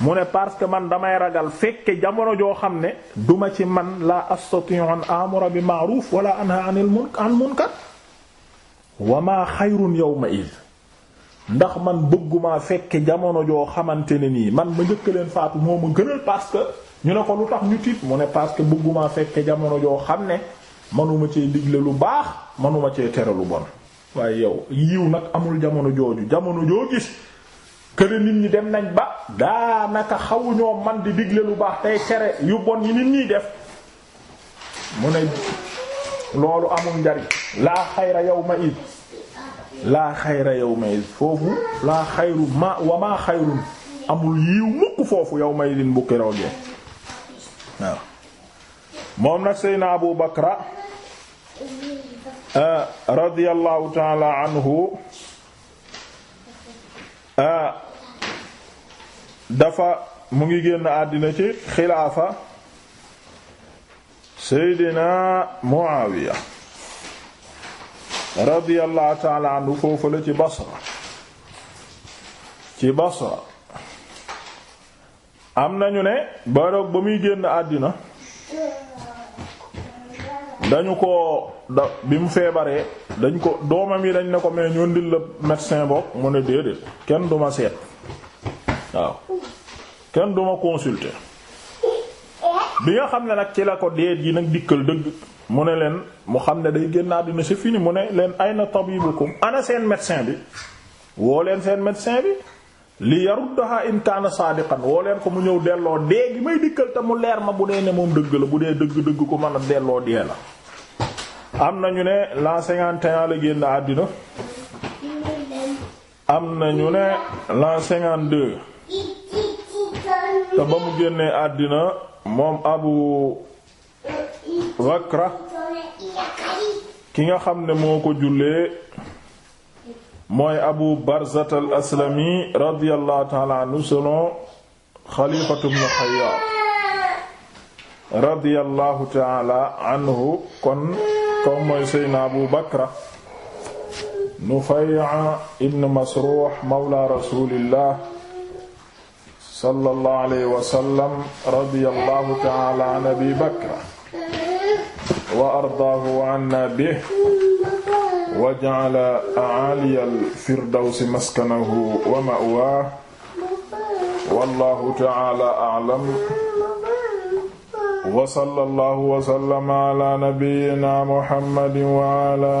mu ne parce que man damay ragal fekke jamono joo xam ne duma ci man laa astati'u an amura bi ma'ruf wala anha anil munkar an munkar wa ma xayrun yawma id ndax man bëgguma fekke jamono joo xamante ne nii man ma njëkk leen faatu moo ma gënal parce que ñu ne ko lu tax ñu tiit mu ne parce que bëgguma fekke jamono joo xam ne manuma cee digle lu baax manuma cee tere lu bon waaye yow yiw nag amul jamono jooju jamono joo gis këre nit ñi dem nañ ba daanaka xawuñoo man di digle lu baax tey tere yu bon yi nit ñiy def mu ne loolu amul njariñ laa xayra ma id laa xayra yawma foofu laa xayru ma wa maa xayrun amul yiw mukk foofu yawma idin bu keroogee moom nag Seydina Abu Bakra euh, radiyallahu taala anhu euh, dafa mu ngi génn àddina ci xilaafa Seydina Muawiya radiyallahu taala anhu foofu la ci Basra ci Basra am nañu ne baroog ba muy génn àddina dañu ko da bi mu feebaree dañ ko doomam yi dañ ne ko mais ñu ndil la médecin bopp mu ne déedéet kenn duma seet waaw kenn duma consulter bi nga xam ne nag ci la ko deet yi nag dikkal dëgg mu ne leen mu xam ne day génn àddina c'est fini mu ne leen ay ayna tabibukum ana seen médecin bi woo leen seen médecin bi li yaruddaha in kaana saadiqan woo leen ko mu ñëw delloo dee gi may dikkal te mu leer ma bu dee ne moom dëgg la bu dee dëgg dëgg ko mën a delloo dee la am na ñu ne l'an 51 la génn àddina am na ñu ne l'an 52 te ba mu génnee àddina moom abu Zakra ki nga xam ne moo ko jullee mooy Abu Barzat al-Aslami radiyallahu ta'ala anhu selon Xalifatu ibn Xayyaat radiyallahu kon kon mooy Seydina Abu Bakra Nufay' ibn Masruh mawla rasulillah sallallahu alayhi wa sallam radiyallahu ta'ala an Bakra wa ardaahu wa anna bihi wa ja'ala a'aliyal firdawsi maskanahu wa ma'waahu wallaahu ta'aalaa a'lam wa sallallaahu wa sallama ala nabiyyina muhammadin wa ala